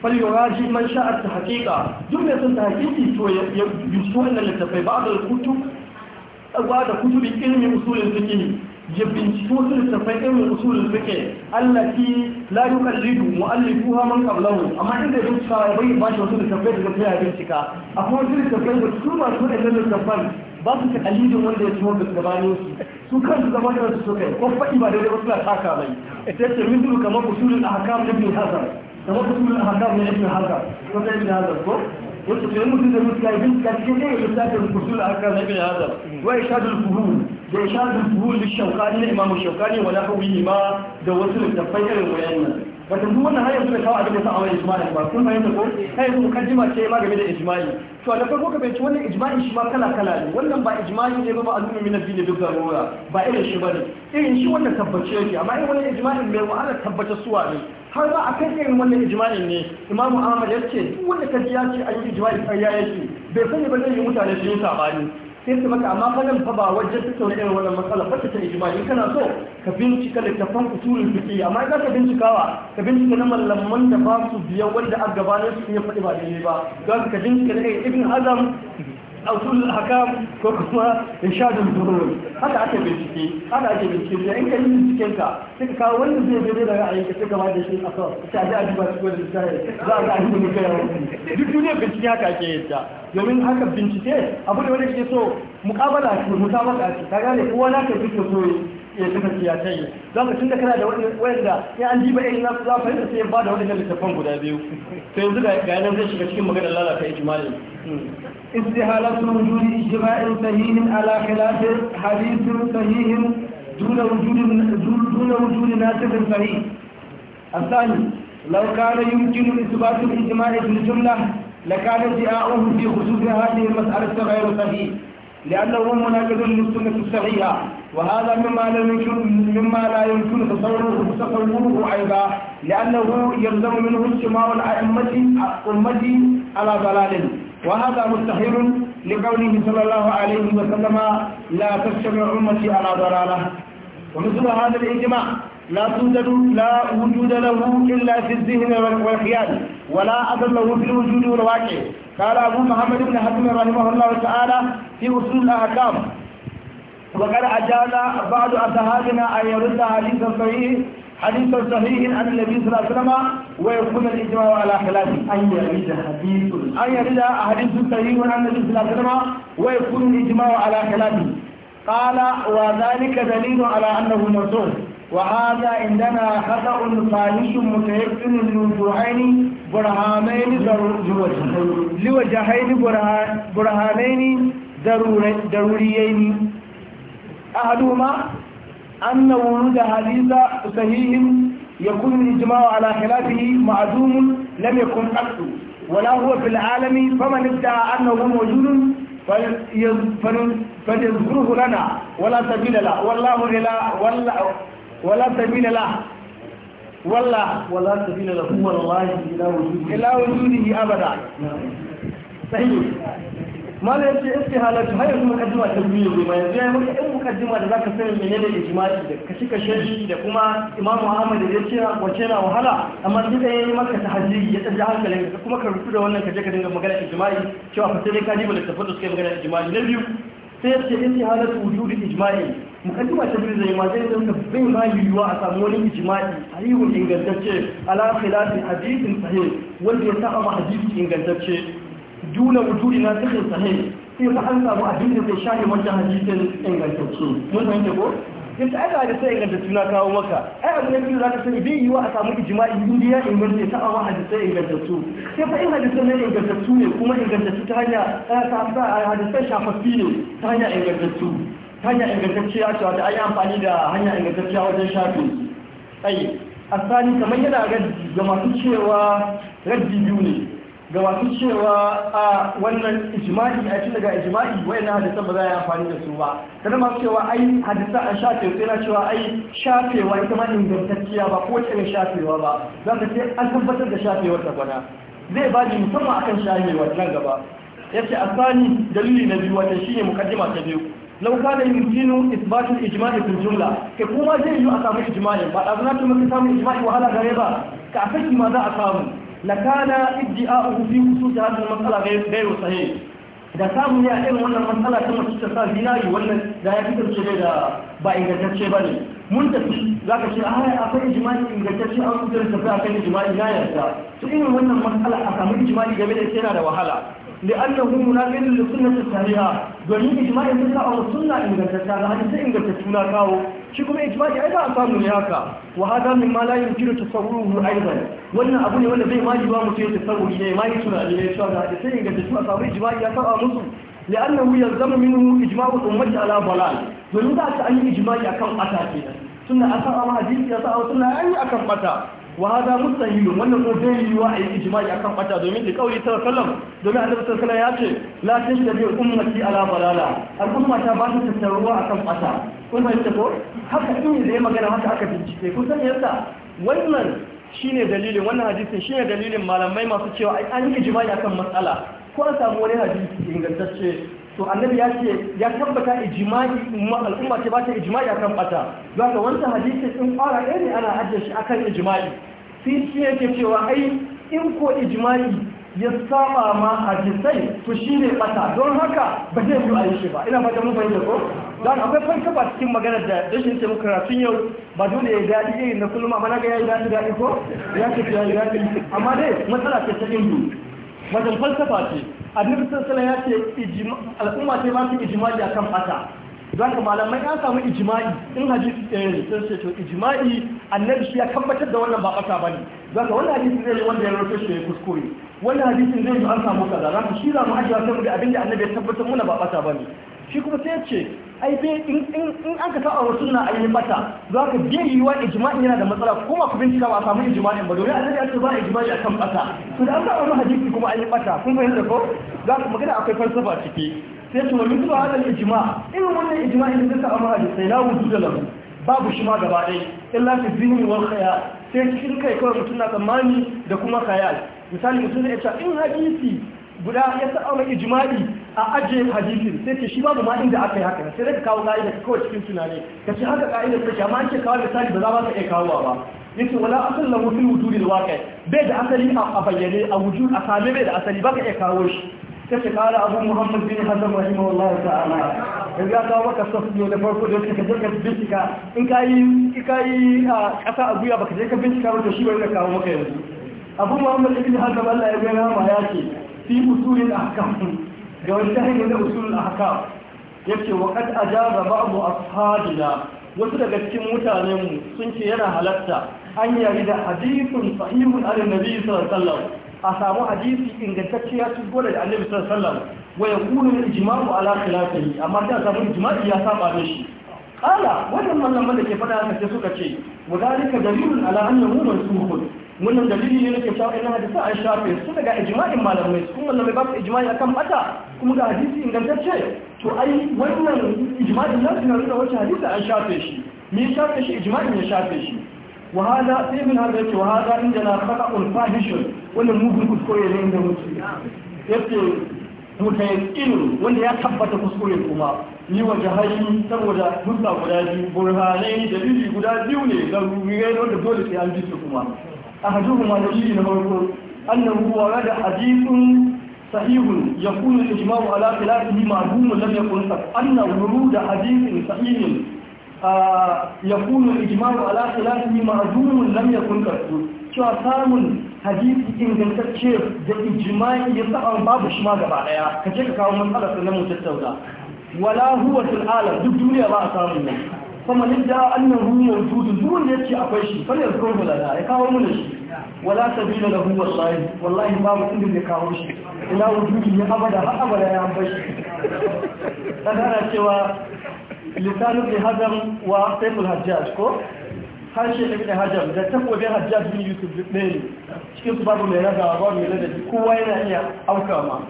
فليراجع من شاء التحقيق جملة تحقيقي يبسو أن babu بعض da بعض كتب علم أصول الفقه ya binciki wasu littattafai irin usulul fiqh allati la yuqallidu mu'allifuha man qablahu amma inda yake cewa bai ba shi wasu littattafai da zai bincika akwai wasu littattafai da su ba su da littattafan ba su ta kalidin wanda ya ciwo da gabanin su su zama da su suka ko faɗi ba daidai ba suna taka mai sai ce min duru kamar hakam ahkam ibn hazar kamar usulul ahkam ibn hazar ko da ibn hazar ko wato sai mutum da mutum ya bincika cikin ne ya a usulul ahkam ibn hazar wa ishadul fuhum da ya shaɗu buhul shaukani na imamu shaukani wa nahawi ma da wasu littattafai irin wayannan wata duk wannan hanyar suka kawo abin da sa'awar ijma'i ba sun fahimta ko kai su mukaddima ce ma game da ijma'i to a farko ka bayyana wannan ijma'i shi ma kala kala ne wannan ba ijma'i ne ba ba azumi min addini duk zarura ba irin shi bane irin shi wannan tabbace yake amma irin wannan ijma'in mai wahala tabbace suwa ne har ba a kan irin wannan ijma'in ne imamu ahmad ya ce duk wanda kaji ya ce an yi ijma'i sai ya yake bai sani ba zai yi mutane su yi sabani sai su maka amma fadan fa ba wajen tattauna irin wannan matsala fata ta ijma in kana so ka bincika littafan usulul fiqh amma idan ka bincikawa ka bincika na mallaman da ba su biyan wanda a gabanin su iya faɗi ba daidai ba don ka bincika na ibn hazam autul hakam ko kuma inshadul durur haka ake bincike haka ake bincike da in ka yi binciken ka sai ka kawo wanda zai gani da ra'ayi ka sai ka ba da shi a kawo sai a ji a duba cikin wani misali za a ga a duba kai yawan duk duniya bincike haka ake yin domin haka bincike abu da wani ke so mukabala ce musabaka ce ka gane kowa na ka fito so ya tuna siyasa yi za tun da kana da wanda ya an jiba yin nasu za ka yi sai ba da wadannan littattafan guda biyu to yanzu ga zai shiga cikin maganar lalata ya jimali istihalat mawjudi ijma'in sahihin ala khilafin hadithin sahihin duna wujudi duna wujudi nasibin sahih asani law kana yumkinu ithbat al-ijma'i bil jumla lakana ji'a'uhu fi khusus hadhihi al-mas'alati ghayru sahih لأنه هو مناقض للسنة الصحيحة وهذا مما لا يمكن مما لا يمكن تصوره تصوره ايضا لانه يلزم منه اجتماع الائمه امتي على ضلال وهذا مستحيل لقوله صلى الله عليه وسلم لا تجتمع امتي على ضلاله ومثل هذا الاجماع لا توجد لا وجود له الا في الذهن والخيال ولا اثر له في الوجود والواقع قال ابو محمد بن حزم رحمه الله تعالى في اصول الاحكام وقد أجاد بعض أصحابنا أن يرد حديث صحيح حديث صحيح عن النبي صلى الله عليه وسلم ويكون الإجماع على خلافه أن يرد حديث أن يرد حديث صحيح عن النبي صلى الله عليه وسلم ويكون الإجماع على خلافه قال وذلك دليل على أنه مرسول وهذا عندنا خطأ فاحش متيقن لوجوهين برهانين لوجهين برهانين ضروريين أحدهما أن ورود حديث صحيح يكون الإجماع على خلافه معدوم لم يكن أصله ولا هو في العالم فمن ادعى أنه موجود فليذكره لنا ولا سبيل له والله لا ولا ولا سبيل له والله ولا سبيل له والله إلى وجوده إلى وجوده أبدا صحيح malam yace istihalatu har yanzu mukaddima ta biyu ne mai yanzu yayi maka in mukaddima da zaka sani menene ijma'i da kashi kashi da kuma Imam Ahmad da yace wace na wahala amma duk da yayi maka tahajjudi ya tsaje hankalin ka kuma ka rubuta da wannan je ka dinga magana ijma'i cewa fa sai dai ka diba bala tafaddu suka magana ijma'i na biyu sai yace istihalatu wujudi ijma'i mukaddima ta biyu zai ma zai dinka bin ma yiwuwa a samu wani ijma'i sahihun ingantacce ala khilafi hadithin sahih wanda ya saba ma hadisi ingantacce duna wujudi na cikin sahih sai ta an samu abin da zai shafe wancan hadisin ingantacce mun fahimta ko ta aka da sai ingantacce na kawo maka ai abin da biyu za ka sani bai yiwa a samu ijma'i indiya ingantacce ta awa hadisai ingantattu sai fa in hadisai na ingantattu ne kuma ingantattu ta hanya hadisai shafaffi ne ta hanya ingantattu ta hanya ingantacciya cewa da an yi amfani da hanya ingantacciya wajen shafe ai asali kamar yana raddi ga masu cewa raddi biyu ne ga masu cewa a wannan ijma'i a cikin daga ijma'i wayannan hadisan ba za a yi amfani da su ba kada masu cewa ai hadisan a shafe sai na cewa ai shafewa ita ma ingantacciya ba ko ce shafewa ba za ka ce an tabbatar da shafewar ta kwana zai ba ni musamman akan shafewar nan gaba yace asani dalili na biyu wata shine mukaddima ta biyu kuma zai yi a الإجماع ijimaki ba كما جاء يؤتى samun ijimaki wahala gare ba ka a وهذا ma za a samu لكان ادعاؤه في خصوص هذه المسألة غير صحيح da samu ya a irin wannan matsala ta masu ta sa zinari wannan da ya fitar ce da ba ingantacce ba ne mun tafi za ka ce a akwai jima'i ingantacce an fitar da tafi akan jima'i na yarda to irin wannan matsala a samu jima'i game da yana da wahala da annahu munafiqun li sunnati sahiha domin ijma'i sun sa wa sunna ingantacce da hadisi ingantacce na kawo shi kuma ijma'i ai ba a samu ne haka wa hada min ma la yumkinu tasawwuruhu aidan wannan abu ne wanda bai ma ji ba mu ce tasawwuri ne ma yi tunani ne shi da hadisi ingantacce a samu ijma'i ya saba musu لأنه يلزم منه إجماع الأمة على ضلال ولذا أن إجماع أكم أتاكي ثم أتى الله حديث يتأى ثم أي أكم أتاكي wa hada mustahilun wannan ko zai yi wa ayi ijma'i akan bata domin da kauli ta sallam domin annabi sallallahu alaihi wasallam ya ce la tashdabi ummati ala balala umma ta ba ta tattaruwa akan bata kun fahimta ko haka in zai magana haka aka bincike kun san yadda wannan shine dalilin wannan hadisin shine dalilin malamai masu cewa an yi ijma'i akan matsala ko an samu wani hadisi ingantacce to annabi ya ce ya tabbata ijima'i al'umma ce ba ta ijma'i akan bata zaka wannan hadisi sun fara ɗaya ne ana ajiye shi akan ijima'i. sai shi yake cewa ai in ko ijima'i ya saba ma hadisai to shi ne bata don haka ba zai yi ayi shi ba ina fata mun fahimta ko dan akwai falsafa cikin maganar da rashin demokrasin yau ba dole ya daɗi? irin na kullum amma na ga yi daɗi daɗi ko ya ce yayi dadi amma dai matsala ce ta indu. wajen falsafa ce annabi sallallahu ya ce al'umma ce ba su ijma'i akan fata don ka malamai an samu ijma'i in hadisi ɗaya ne sun ce to ijima'i annabi shi ya tabbatar da wannan ba ƙasa ba ne ka wannan hadisi zai wanda ya rufe shi ya kuskure wannan hadisin zai yi an samu kaza za ka shi za mu ajiye sai mu da abin da annabi ya tabbatar muna ba ƙasa ba ne shi kuma sai ce ai bai in an ka saba sunna ainihin mata za ka je yiwa ijma'in yana da matsala kuma ku bincika ba a samu ijma'in ba domin a ya ce ba ijma'i kan bata to da an ba wani hadisi kuma ainihin mata kun fahimta ko za ku magana akwai falsafa ciki sai ce wani zuwa hadal ijma irin wannan ijma'in da ta amma hadisi la da lamu babu shi ma gaba ɗaya illa fi zini wal khaya sai cikin kai kawai mutum na tsammani da kuma khayal misali mutum ya ce in hadisi guda ya sa mai ijma'i a ajiye hadisin sai ce shi babu ma inda aka yi haka sai ka kawo ka'ida ka kawo cikin tunani ka ce haka ka'idar take amma an ce kawo misali ba za ba ka iya kawowa ba yace wala asal lahu fil wujudi alwaqi bai da asali a bayyane a wujud a same bai da asali ba ka iya kawo shi sai kace kala abu muhammad bin hasan rahimahullahu ta'ala yanzu ya kawo maka sofiyo da farko da suka jirka bincika in ka yi a ƙasa a guya baka je ka bincika ba to shi wani da kawo maka yanzu abu muhammad ibn hazam allah ya gana ma ya ce fi usulin ahkam ga wani tahiyar da usulin ahkam yake wa kad ajaba ba'du ashabina wasu daga cikin mutanen mu sun ce yana halarta. an yari da hadithun sahihun an nabi sallallahu alaihi a samu hadisi ingantacciyar ya shigo da annabi sallallahu alaihi wasallam wa yakunu ijma'u amma da samu ijma'i ya saba da shi kala wannan malaman da ke faɗa haka suka ce wa dalika dalilun ala annahu wannan dalili ne nake cewa ina hadisi an shafe su daga ijma'in malamai kuma mai ba su ijma'i akan bata kuma ga hadisi ingantacce to ai wannan ijma'in na suna nuna wacce hadisi an shafe shi me shafe shi ijma'in ya shafe shi Wahala sai min hada yake wa hada inda na khata'un fahishun wannan mugun kuskure ne inda mutu yace mutayaqqin wanda ya tabbata kuskure kuma ni wa jahashi saboda musa guda biyu burhanai dalili guda biyu ne ga ruwiye wanda dole sai an ji kuma أحدهما دليل نمرك أنه ورد حديث صحيح يكون الإجماع على خلافه معدوم لم يكن أن ورود حديث صحيح يكون الإجماع على خلافه معدوم لم يكن قد cewa samun hadisi ingantacce da ijimai ya babu shi ma gaba daya ka ce ka kawo matsalar sannan mu tattauna wala huwa fil alam duk duniya ba a samun nan kuma ni da annan hunyan tudu duk ne yace akwai shi fa ya da ya kawo mu shi wala sabila lahu wallahi wallahi babu inda ya kawo shi ina wujudi ne abada har abada ya bar shi na cewa lisanu bi hadam wa saiful hajjaj ko harshe ibn hajjaj da ta kobe hajjaj bin yusuf bin cikin babu mai raga babu mai raga kowa yana iya auka ma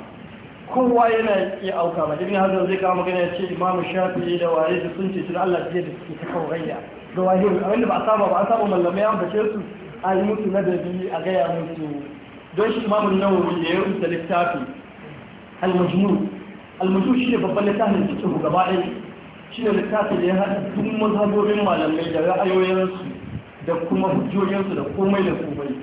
kowa yana iya auka ba ibn hazar zai kawo magana ya ce imamu shafi'i da waye su sun ce shi Allah jiya da suke ta kaurayya da waye abinda ba a saba ba a saba mallamai an bace su a yi musu ladabi a gaya musu don shi imamu nawawi da ya rubuta littafi al-majmu al-majmu shi ne babban littafin cikin gaba ɗaya shi ne littafi da ya haɗa duk mazhabobin malamai da ra'ayoyinsu da kuma hujjojinsu da komai da komai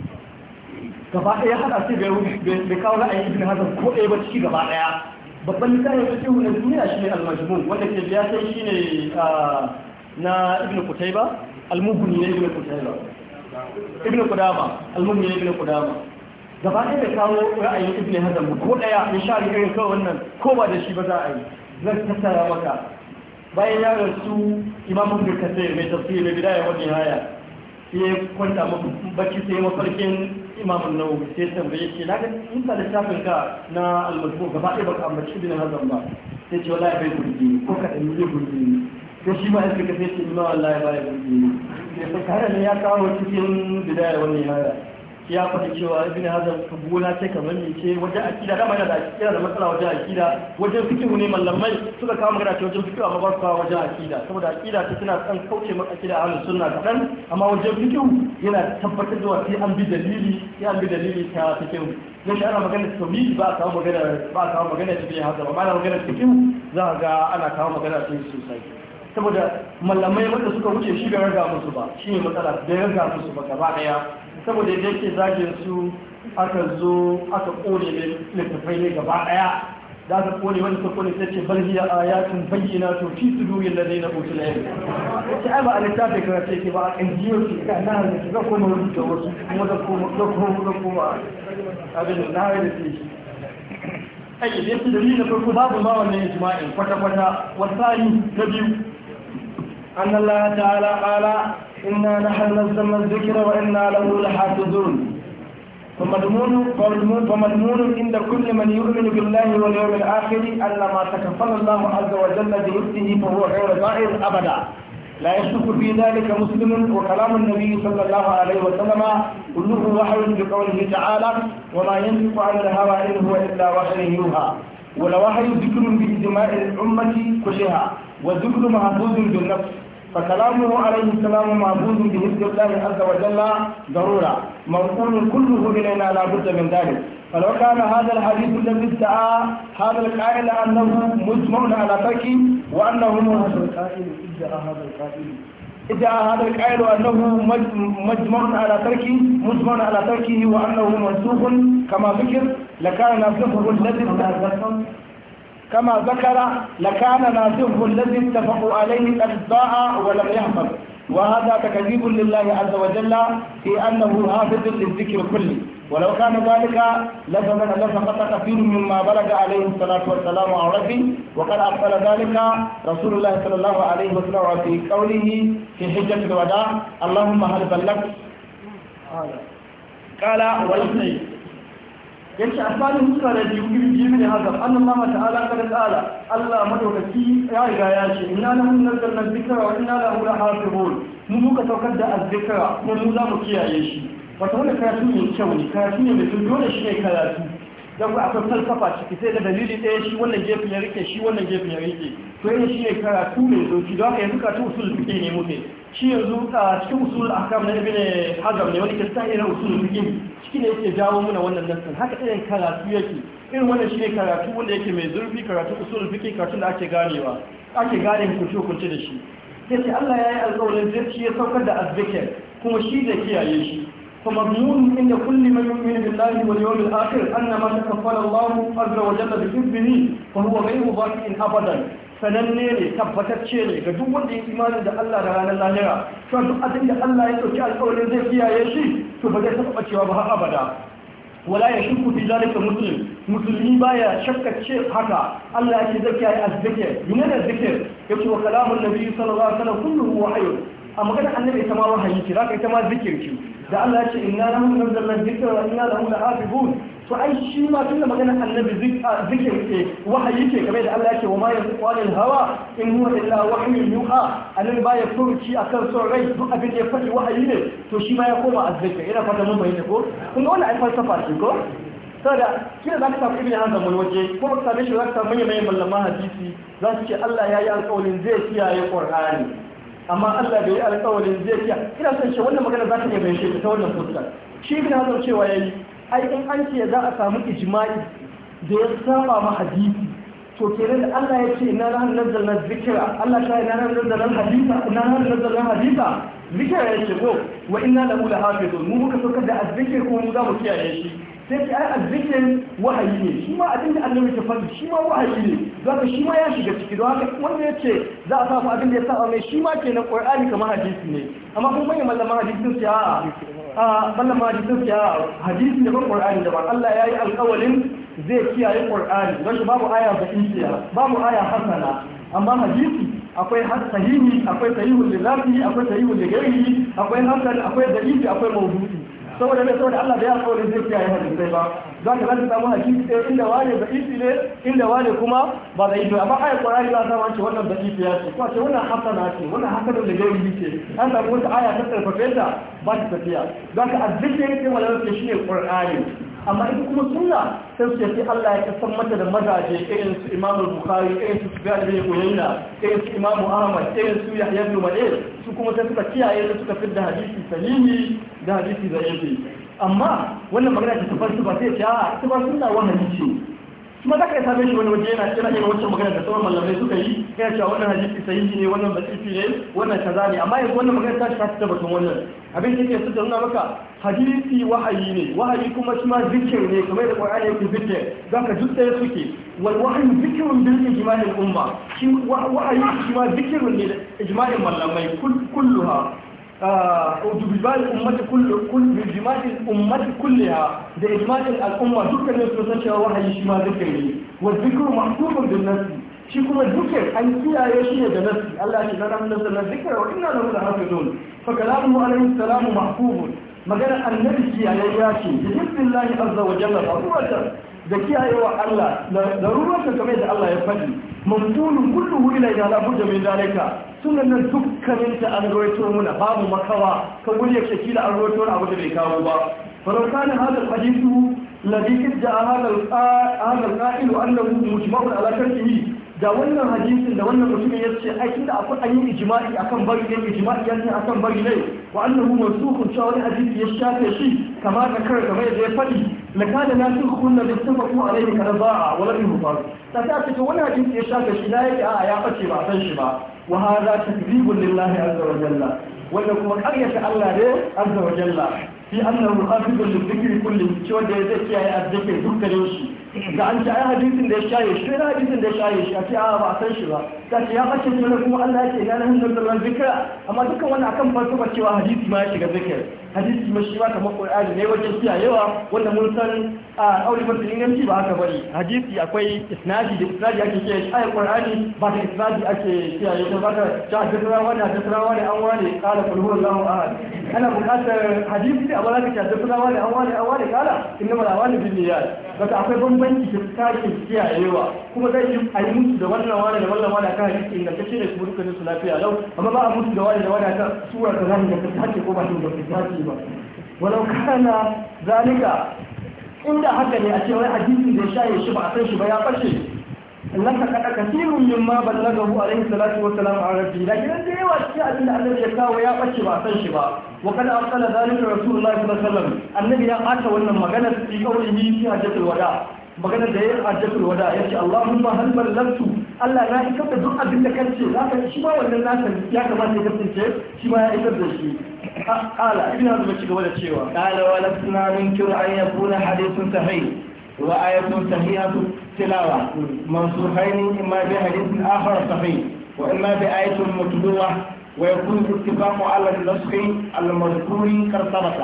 gaba ɗaya haɗa sai bai kawo ra'ayi ibn hazan ko ɗaya ba ciki gaba ɗaya babban littafin da cikin na duniya shine al-majmun wanda ke biya sai shine ah, na ibn kutaiba al-mughni ne ibn kutaiba ibn qudama al-mughni ne ibn qudama gaba ɗaya bai kawo ra'ayi ibn hazan ko ɗaya in sha Allah irin kawai wannan ko ba da shi ba za a yi zan tattara maka bayan ya rasu imam ibn kasir mai tafsir mai bidaya wa nihaya sai kwanta sai mafarkin imam nawawi sai tambaye ce na gani, in ka littafin ka na al-majmu gaba ɗaya baka ambaci ibn hazm ba sai ce wallahi bai gurbi ko ka dan yi gurbi ko shi ma yake ka sai ce ma wallahi bai gurbi sai ka ne ya kawo cikin bidaya wannan yara ya faɗi cewa ibn hazan gona ce kamar ne ce wajen akida da magana da akida da matsala wajen akida wajen fikihu ne mallamai suka kawo magana ce wajen fikihu amma ba su kawo wajen akida saboda akida ta tana kan kauce maka akida ahlus sunna kaɗan amma wajen fikihu yana tabbatar da sai an bi dalili sai an bi dalili ta fikihu don shi ana magana tauhid ba a kawo magana ba a kawo magana ibn hazan amma ana magana fikihu za a ga ana kawo magana yi sosai saboda mallamai wanda suka wuce shi ga raga musu ba shi ne matsala ya raga musu ba gaba ɗaya saboda yadda yake zagin su aka zo aka kone littattafai ne gaba daya da aka kone wani ta kone sai ce bal hiya ayatun bayyina to fi sudurin ladina utul ilm sai ai ba a littafi ka ce ke ba a kanjiyo su ka na da su ga koma rubuta wasu kuma da koma da koma da koma abin da na da shi ai idan su dalilin na farko babu ma wannan ijma'in kwata kwata wasani na biyu annallaha ta'ala qala إنا نحن نزلنا الذكر وإنا له لحافظون فمضمون فمضمون عند كل من يؤمن بالله واليوم الآخر أن ما تكفل الله عز وجل بنفسه فهو غير ضائع أبدا لا يشك في ذلك مسلم وكلام النبي صلى الله عليه وسلم كله وحي بقوله تعالى وما ينطق عن الهوى إن هو إلا وحي يوحى ولوحي ذكر بإجماع الأمة كلها وذكر محفوظ بالنفس فكلامه عليه السلام معبود بحفظ الله عز وجل ضرورة موصول كله إلينا لا بد من ذلك فلو كان هذا الحديث الذي ادعى هذا القائل أنه مجمع على تركه وأنه هذا القائل ادعى هذا القائل ادعى هذا القائل أنه مجمع على تركه مجمع على تركه وأنه منسوخ كما ذكر لكان نفسه الذي كما ذكر لكان ناسخه الذي اتفقوا عليه الأجزاء ولم يحفظ وهذا تكذيب لله عز وجل في أنه حافظ للذكر كله ولو كان ذلك لزمن لسقط كثير مما بلغ عليه الصلاة والسلام عن وقد أقبل ذلك رسول الله صلى الله عليه وسلم في قوله في حجة الوداع اللهم هل بلغت قال ولسني yace asali hukuma da biyu biyu biyu ne haka Allah ta'ala kada tsala Allah madaukaki ya riga ya ce inna lahu nazzalna dhikra wa inna lahu lahafizun mu muka saukar da azzikra ko mu za mu kiyaye shi wato wannan karatu ne kyau ne karatu ne mai dole shi ne karatu don ku akwai falsafa ciki sai da dalili ɗaya shi wannan gefen ya rike shi wannan gefen ya rike to yana eh, shi ne karatu mai zoci don haka yanzu karatu usul fiƙe ne muke shi yanzu a cikin usulul ahkam na ibn hajar ne wani kitab ne na usulul fiqh shi ne yake jawo mana wannan darsin haka irin karatu yake irin wannan shi ne karatu wanda yake mai zurfi karatu usulul fiqh karatu da ake ganewa ake gane hukunci da shi sai Allah ya yi alƙawarin zai ya saukar da azzikir kuma shi da kiyaye shi kuma mun min da kulli man yu'minu billahi wal yawmil akhir annama takaffala Allahu azza wa jalla bi ibni fa huwa ghayru baqin abadan sananne ne tabbatacce ne ga duk wanda ya imanin da Allah da ranar lahira to duk abin da Allah ya dauki alƙawarin zai kiyaye shi to ba zai taɓa cewa ba har abada wala ya shirku fi zalika muslim musulmi baya ce haka Allah yake zai kiyaye azzikir yana da zikir ce wa kalamun nabi sallallahu alaihi wasallam kulluhu wahyu a magana annabi ita ma wahayi ce zaka ita ma zikirki da Allah ya ce inna lahu nazzalna dhikra wa inna lahu lahafizun to ai shi ma da maganar annabi zikir ke wahayi ke kamar da Allah yake wa ma yanzu qalil hawa in huwa illa wahyu yuha annabi ba ya furci akan son rai duk abin da ya faɗi wahayi ne to shi ma ya koma azzikir ina fata mun bayyana ko kuma wannan ai falsafa ce ko saboda kina za ka samu ibn hanzan mun waje ko ka same shi za ka samu manyan manyan hadisi za su ce Allah ya yi alƙawarin zai kiyaye Qur'ani amma Allah bai yi alƙawarin zai kiyaye ina son ce wannan magana za ta iya bayyana ta wannan fuskar shi ibn hanzan cewa yayi ai in an ce za a samu ijma'i da ya saba ma hadisi to kenan da Allah ya ce ina nan nazarin zikira Allah ta ina nan nazarin hadisa ina nan nazarin hadisa zikira ya ce ko oh, wa inna lahu lahafizun mu muka saukar da azzikir ko mu za mu kiyaye shi sai ce ai azzikir wahayi ne shi ma abin da annabi ta faɗi shi ma wahayi ne zaka shi ma ya shiga ciki don haka wanda yace za a samu abin da ya saba mai shi ma kenan qur'ani kamar hadisi ne amma kuma manyan malaman hadisi sun ce a'a a ballama jisun a hadisi da ban qur'ani da ba Allah yayi alƙawalin zai kiyaye ƙur'ani don shi babu aya da insiya babu aya hasana amma hadisi akwai sahihi akwai da lizafi akwai da ligairi akwai hasan akwai da'ifi akwai mawdu'i saboda mai saboda Allah da ya kawai zai kiyaye hadisai ba za ka zaka samu hadisi ɗaya inda wane da ifi ne inda wane kuma ba da ifi amma ayat qur'ani za ta wace wannan da ifi ya ce ko ce wannan hasana ce wannan hasanun da gairi ce an samu wata aya ta tarfafe ta ba ta tafiya za ka azzike ne kuma lafiya shine qur'ani amma ita kuma sunna sai su ce Allah ya kasan mata da mazaje irin su Imam Bukhari irin su Sufyan bin Uyayna irin su Imam Ahmad irin su Yahya bin Ma'in su kuma sai suka kiyaye su suka fidda hadisi sahihi da hadisi da yake amma wannan magana ta tafarki ba sai ta ta ba sunna wahayi ce kuma zaka yi same shi wani waje yana yana wancan magana da sauran malamai suka yi yana cewa wannan hadisi sahihi ne wannan basifi ne wannan kaza ne amma yanzu wannan magana ta ta tabbatun wannan abin da yake su nuna maka hadisi wahayi ne wahayi kuma shi ma zikir ne kamar da Qur'ani yake zikir zaka duk da suke wal wahyu zikrun bil ijma'il umma shi wahayi shi ma zikrun ne da ijma'in malamai kulluha dubibal ummati kullu kullu bijma'il ummati kulliha da ijma'il al'umma dukkanin su san cewa wahayi shi ma zikiri wa zikru mahfuzun bin nafsi shi kuma zikir an kiyaye shi ne da nafsi Allah shi da nan da zikra wa inna lahu lahafizun fa kalamu alayhi salamu mahfuzun magana annabi kiyayayya ce bi iznillahi azza wa da kiyayewa Allah da ruwan ka kamar da Allah ya faɗi mamdulun kulluhu ila ya la budda min zalika sunan nan dukkanin ta an rawaito muna babu makawa ka guri yake kila an rawaito abu da bai kawo ba farautan hada hadithu ladhi idda hada al-qa'il annahu mujma'un ala kalimi da wannan hadisin da wannan mutumin ya ce aikin da akwai an yi ijima'i akan bari ne ijma'i ya ce akan bari ne wa annahu mansukun cewa wani hadisi ya shafe shi kama da kar kamar yadda ya faɗi la kana la tukhun bi tafaqu alayhi kada ba'a wa lam yufar ta ta ce wani hadisi ya shafe shi da yake a ya face ba san shi ba wa hadha takdibun lillahi azza wa jalla wanda kuma karyata Allah ne azza wa jalla fi annahu hafizun lidhikri kullum cewa wanda ya zai kiyaye azzikir dukkanin shi ga an ta hadisin da ya shaye shi yana hadisin da ya shaye shi a ce a ah, ba a san shi ba ta ce ya bace ne kuma Allah ya ce ya na hannun da zikira amma dukkan wani akan farko cewa hadisi ma ya shiga zikir hadisi ma shi ma kamar qur'ani ne wajen kiyayewa wanda mun san a aure ba inganci ba haka bari hadisi akwai isnadi da isnadi ake kiyaye ayar qur'ani ba da isnadi ake kiyaye ba baka ta hadisra wani hadisra wani an wani qala qul huwallahu ahad ana bukatar hadisi amma zaka ta hadisra wani an wani an wani qala innamal awani bin niyyat baka akwai bambanci da tsarin kiyayewa kuma zai yi a yi musu da wannan wani da wannan wani akan hadisi ingantacce ne kuma dukkanin su lafiya lau amma ba a musu da wani da wani akan sura ta zamu da ta ko ba da ta shi ba walau kana zalika inda haka ne a ce wai hadisi da shaye shi ba a san shi ba ya fashe nan ka kada kasirun min ma ballagahu alaihi salatu wa salam a rabbi da gidan da yawa shi abin da annabi ya kawo ya fashe ba a san shi ba wa kada afsala zalika rasulullahi sallallahu alaihi wasallam annabi ya ata wannan magana fi yi fi hajjatul wada magana da yin ajjatul wada ya ce Allahumma hal ballagtu Allah na isar da duk abin da za zaka shi ma wannan nasa ya kamata ya kasance shi ma ya isar da shi qala ibn hazm ya cigaba da cewa qala wa lasna munkir an yakuna hadithun sahih wa ayatun sahihatu tilawa mansuhain imma bi hadithin akhar sahih wa imma bi ayatin matluwa ويكون الاتفاق على النسخ المذكور كالسبق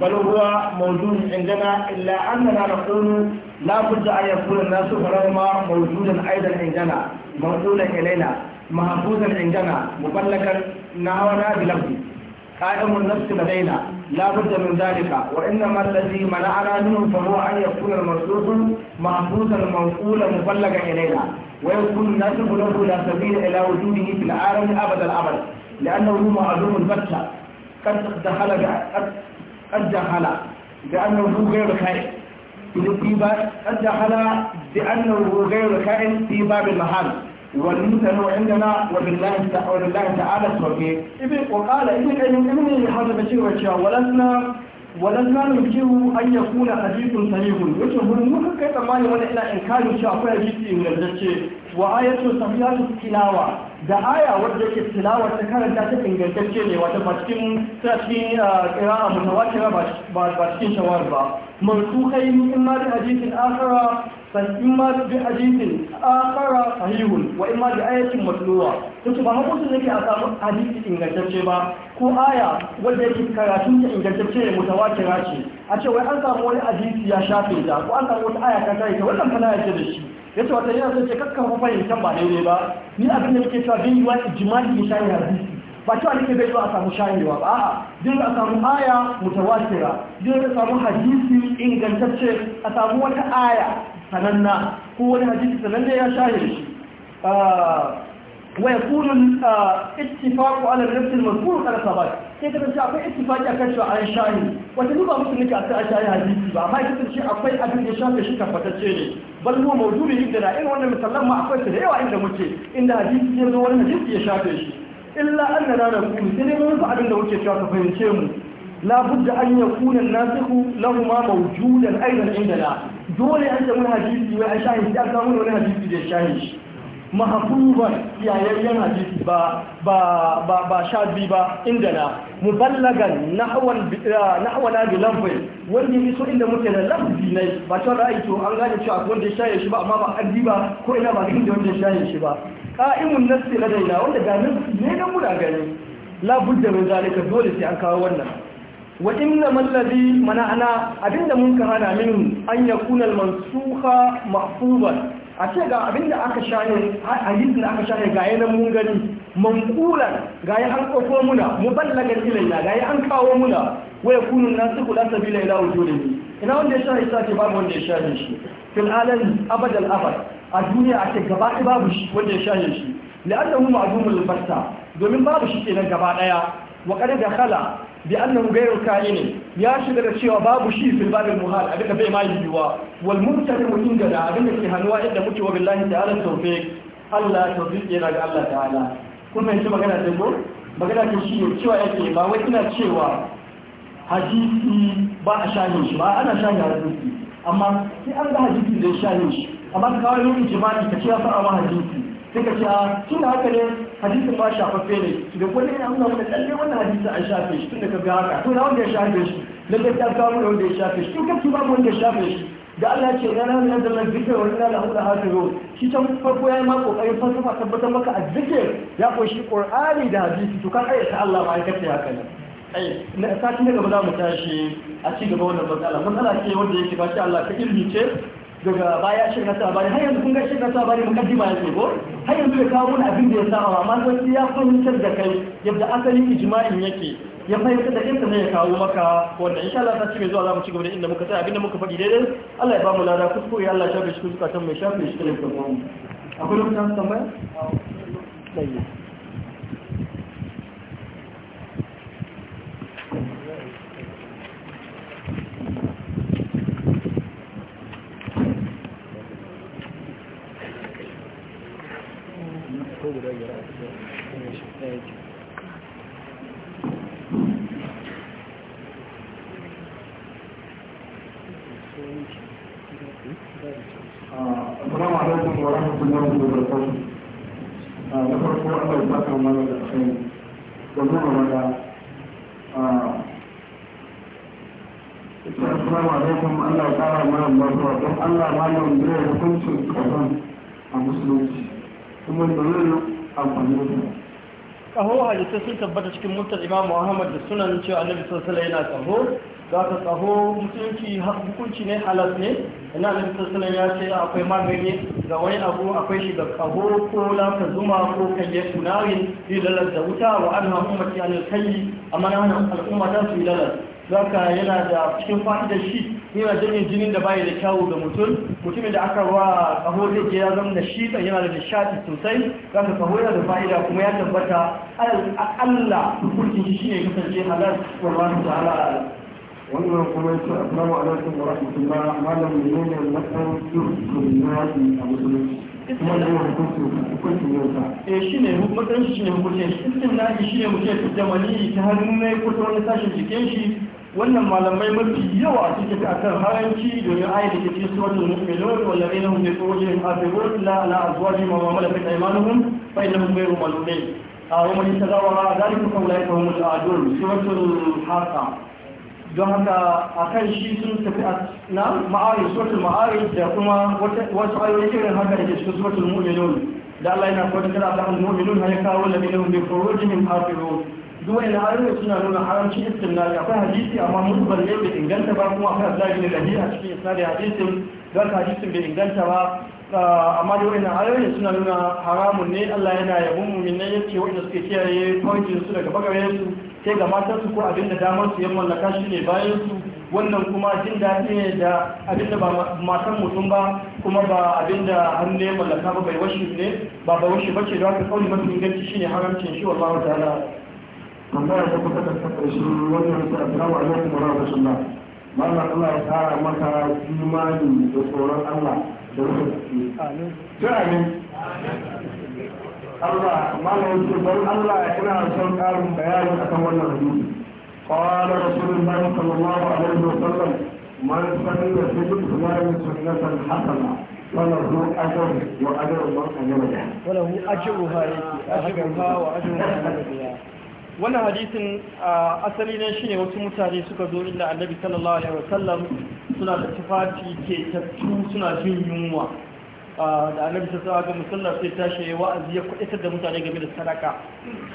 بل هو موجود عندنا إلا أننا نقول لا بد أن يكون الناس فلما موجودا أيضا عندنا موصولا إلينا محفوظا عندنا مبلغا نعونا بلفظه قائم النفس لدينا لا بد من ذلك وإنما الذي منعنا منه فهو أن يكون المصروف محفوظا موصولا مبلغا إلينا ويكون الناس له لا سبيل إلى وجوده في العالم أبد الأبد لأنه معلوم البتة قد دخل قد جهل بأنه غير كائن في باب قد جهل بأنه غير كائن في باب المحال والمثل عندنا وبالله ولله تعالى التوفيق وقال ابن ابن ابن هذا بشير وشاء ولسنا ولسنا نمكنه أن يكون حديث صحيح وجه المحقق ما يمنع إلى إنكار شافعي في من الجشير wa ayatu samiyatu tilawa da aya wadda ke tilawa ta karanta ta ingantacce ne wata ba cikin tsaki uh, kira mutawatira ba ba cikin shawar ba marsukai in ma bi hadisin akara fa in ma bi hadisin akara sahihun wa in ma bi ayatin matluwa to ba hukunci yake a samu hadisi ingantacce ba ko aya wadda yake karatun ta ingantacce ne mutawatira ce a ce wai an samu wani hadisi ya shafe ta ko an samu wata aya ta kai ta wannan na yake da shi ya ce wata yana sun ce kakkan kuma fahimtan ba daidai ba ni abin da nake cewa bin yiwa ijimali mu shayin hadisi ba cewa nake bai yiwa a samu shayewa ba a'a bin a samu aya mutawatira bin a samu hadisi ingantacce a samu wata aya sananna ko wani hadisi sananne ya shaye shi ويكون الاتفاق على الرفض المذكور على الثبات sai kasance akwai ittifaki a kan cewa an shayi wata duba musu nake a sai a shahi hadisi ba amma kasance akwai abin da ya shafe shi tabbatacce ne bal huwa mawdubi na irin wannan misalan ma akwai su da yawa inda muke inda hadisi ya zo wani hadisi ya shafe shi illa annana naqulu sai dai mun abin da muke cewa ka fahimce mu la budda an yakuna nasikhu lahuma mawjudan aidan indana dole an samu hadisi wai an shahi sai an samu wani hadisi da shi. mahafuzan yayayyen hadisi ba ba ba ba shabi ba indana muballagan nahwan nahwana bi eh, lafzi wanda ya so inda muke da lafzi ne ba cewa ra'ayi to an gane cewa wanda ya shaye shi ba amma ba addi ba ko ina ba inda wanda ya shaye shi ba qa'imun nafsi ladaina wanda ga nafsi ne da muna gani la budda min zalika dole sai an kawo wannan wa inna mallazi mana'ana abinda mun kana min an yakuna al mansuha mahfuzan a ce ga abin da aka shaye yi da aka shaye ga yanar mun gani mankulan ga ya an kofo muna muballagan ilayya ga ya an kawo muna waya kunun su kula sabila ila wujudin ina wanda ya shaye sace babu wanda ya shaye shi fil abadal abad a duniya a ce gaba ɗaya babu shi wanda ya shaye shi mu ma'dumul fasta domin babu shi kenan gaba ɗaya wa qad dakhala bi annahu ghayru ne ya shiga da cewa babu shi filbabin muhal A duka bai ma yiwuwa wal mumtarimu inda gada a da ke hannuwa inda muke wa billahi ta'ala taufe Allah tawfiq yana ga Allah ta'ala kun fahimci magana ta zo magana ta shi ne cewa yake ba wai ina cewa hadisi ba a shahin shi ba ana shahin hadisi amma sai an ga hadisi zai shahin shi amma ka kawo yin jima'i ka ce ya fara hadisi suka ce a ah, tun haka ne hadisin ba shafaffe ne da kuma yana nuna mana lalle wannan hadisin an shafe shi tun da ka ga haka to na wanda ya shafe shi na ta kawo da wanda ya shafe shi tun kafi ba wanda ya shafe shi da Allah ce na nan nan da nan zikir wani na lahu da hafi ro shi can farko ya yi ma kokarin falsafa tabbatar maka a zikir ya koshi qur'ani da hadisi to kan ayyata Allah ma ya kace haka ne ai sati na gaba za mu tashi a ci gaba wannan matsala matsala ce wanda yake ba shi Allah ka ilmi ce daga baya shirin nasa bari har yanzu kun ga shirin nasa bari mukaddima yake ko har yanzu ya kawo wani abin da ya sa amma sai ya fahimtar da kai yadda asalin ijma'in yake ya fahimtar da kansa ne ya kawo maka wannan insha Allah sai ci mai zuwa zamu ci gaba da inda muka tsaya abinda muka faɗi daidai Allah ya ba mu lada kuskure Allah ya shafe shi kuskatan mai shafe shi kare kuma akwai lokacin tambaya guda biyar a kusa Assalamu alaikum wa rahmatullahi wa barakatuh. Na farko Allah ya mana da da Assalamu alaikum Allah ya kara mana lafiya don Allah malam hukuncin a musulunci. kuma da hadisai sun tabbata cikin mutar imamu ahmad da sunan cewa annabi sassala yana kaho za ka kaho mutunci hukunci ne halas ne ina annabi sassala ya ce akwai magani ga wani abu akwai shi ga kaho ko lafa zuma ko kanye kunarin yi lalar da wuta wa an hamu mace a amma na al'umma ta su yi lalar za ka yana da cikin fa'idar shi yana janye jinin da bai da kyawu ga mutum mutumin da aka wa kaho zai ya zama da shi yana da nishaɗi sosai za ka kaho yana da fa'ida kuma ya tabbata akalla hukuncin shi shine kasance ta wallahu ta'ala wannan kuma yace assalamu alaikum wa rahmatullah malam menene matsayin kirkiriyati a musulunci e shi ne matsayin shi ne hukuncin shi istin nahi shi ne mutum ya fi jamani ta hannun mai kusa wani sashen jikin shi wannan malamai mafi yawa suke kan haranci domin ayi da ke cikin suratul mu'minun wal ladina hum li furujihim hafizun la ala azwajihim wa ma malakat aymanuhum fa innahum ghayru malumin a wani wa man tazawwara dhalika fa ulaika humul adun suratul haka. don haka a kan shi sun tafi a na ma'arij suratul ma'arij da kuma wasu ayoyi irin haka da ke cikin suratul mu'minun da Allah yana kwatantar a kan mu'minun ya kawo ladina hum li furujihim hafizun duk wani suna nuna haramcin na akwai hadisi amma mutubar ne bai inganta ba kuma akwai abdullahi ne gadi a cikin isnadi hadisin don hadisin bai inganta ba ah, amma da wani ayoyi suna nuna haramun ne Allah yana yabon muminai yace wanda suke kiyaye kawai su daga bagayen su sai ga matan su ko abin da damar su yan mallaka shi ne bayan su wannan kuma jin daɗi ne da abin da ba matan mutum ba kuma ba abin da hannu ya mallaka ba bai washe ne ba bai washe bace da haka kauli mafi inganci ne haramcin shi wallahu ta'ala tambaya ta kusa da ƙarshe wannan yasa a alaikum wa rahmatullah mallam Allah ya tsara maka imani da tsoron Allah da rufe amin Allah mallam yake don Allah ina son ƙarin bayani akan wannan hadisi قال رسول الله صلى الله عليه وسلم من سن في الإسلام سنة حسنة أجر وأجر من أجرها وله أجرها وأجرها wannan hadisin asali ne shine wasu mutane suka zo inda annabi sallallahu alaihi wasallam suna da tufafi ke tattu suna jin yunwa da annabi sallallahu alaihi wasallam sai tashi ya wa'azi ya kuɗaitar da mutane game da sadaka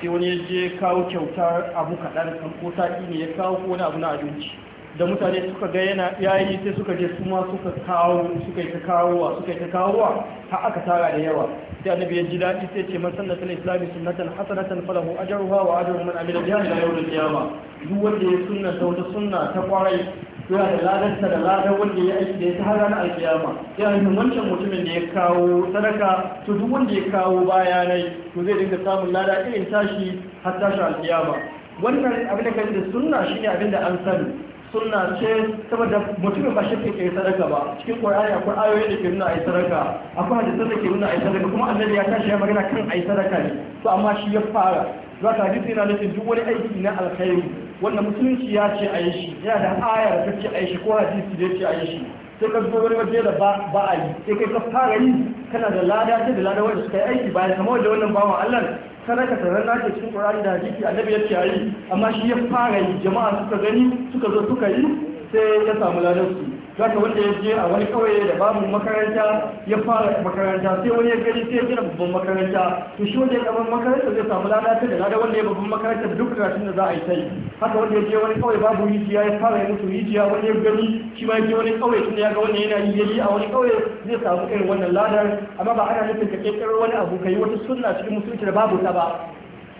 sai wani ya je kawo kyautar abu kadan kan ko ne ya kawo ko wani abu na abinci da mutane suka ga yana yayi sai suka je kuma suka kawo suka yi ta kawowa suka yi ta kawowa har aka tara da yawa sai annabi ya ji daɗi sai ce man sanna fil islami sunnatan hasanatan falahu ajruha wa ajru man amila biha ila yawm al-qiyamah duk wanda ya sunna ta wata sunna ta kwarai yana da ladarta da ladar wanda ya aiki da ya ta ranar alkiyama ya hanyar wancan mutumin da ya kawo sadaka to duk wanda ya kawo bayanai to zai dinga samun lada irin tashi har tashi alkiyama wannan abin da kan da sunna shine abin da an sani Suna ce saboda mutumin ba shi ke sadaka ba cikin qur'ani akwai ayoyi da ke nuna ai sadaka akwai hadisan da ke nuna ai sadaka kuma annabi ya tashi ya magana kan ai sadaka ne to amma shi ya fara za ka hadisi yana nufin duk wani aiki na alkhairi wanda musulunci ya ce a shi yana da aya da ta ce shi ko hadisi da ya ce a shi sai ka zo wani waje da ba a yi sai kai ka fara yi kana da lada da lada wanda suka yi aiki bayan kama da wannan bawan Allah sadaka ta ranna ce cikin Qur'ani da hadisi annabi ya ce yi amma shi ya fara yi jama'a suka gani suka zo suka yi sai ya samu ladan zata wanda ya je a wani kauye da babu makaranta ya fara makaranta sai wani ya gani sai ya gina babban makaranta to shi wanda ya gaban makaranta zai samu lada da lada wanda ya babban makaranta duk karatun da za a yi sai haka wanda ya je wani kauye babu rijiya ya fara ya mutu rijiya wani ya gani shi ma ya je wani kauye tunda ya ga wanda yana yi yayi a wani kauye zai samu irin wannan ladar amma ba ana nufin ka kekar wani abu kai wata sunna cikin musulunci da babu ta ba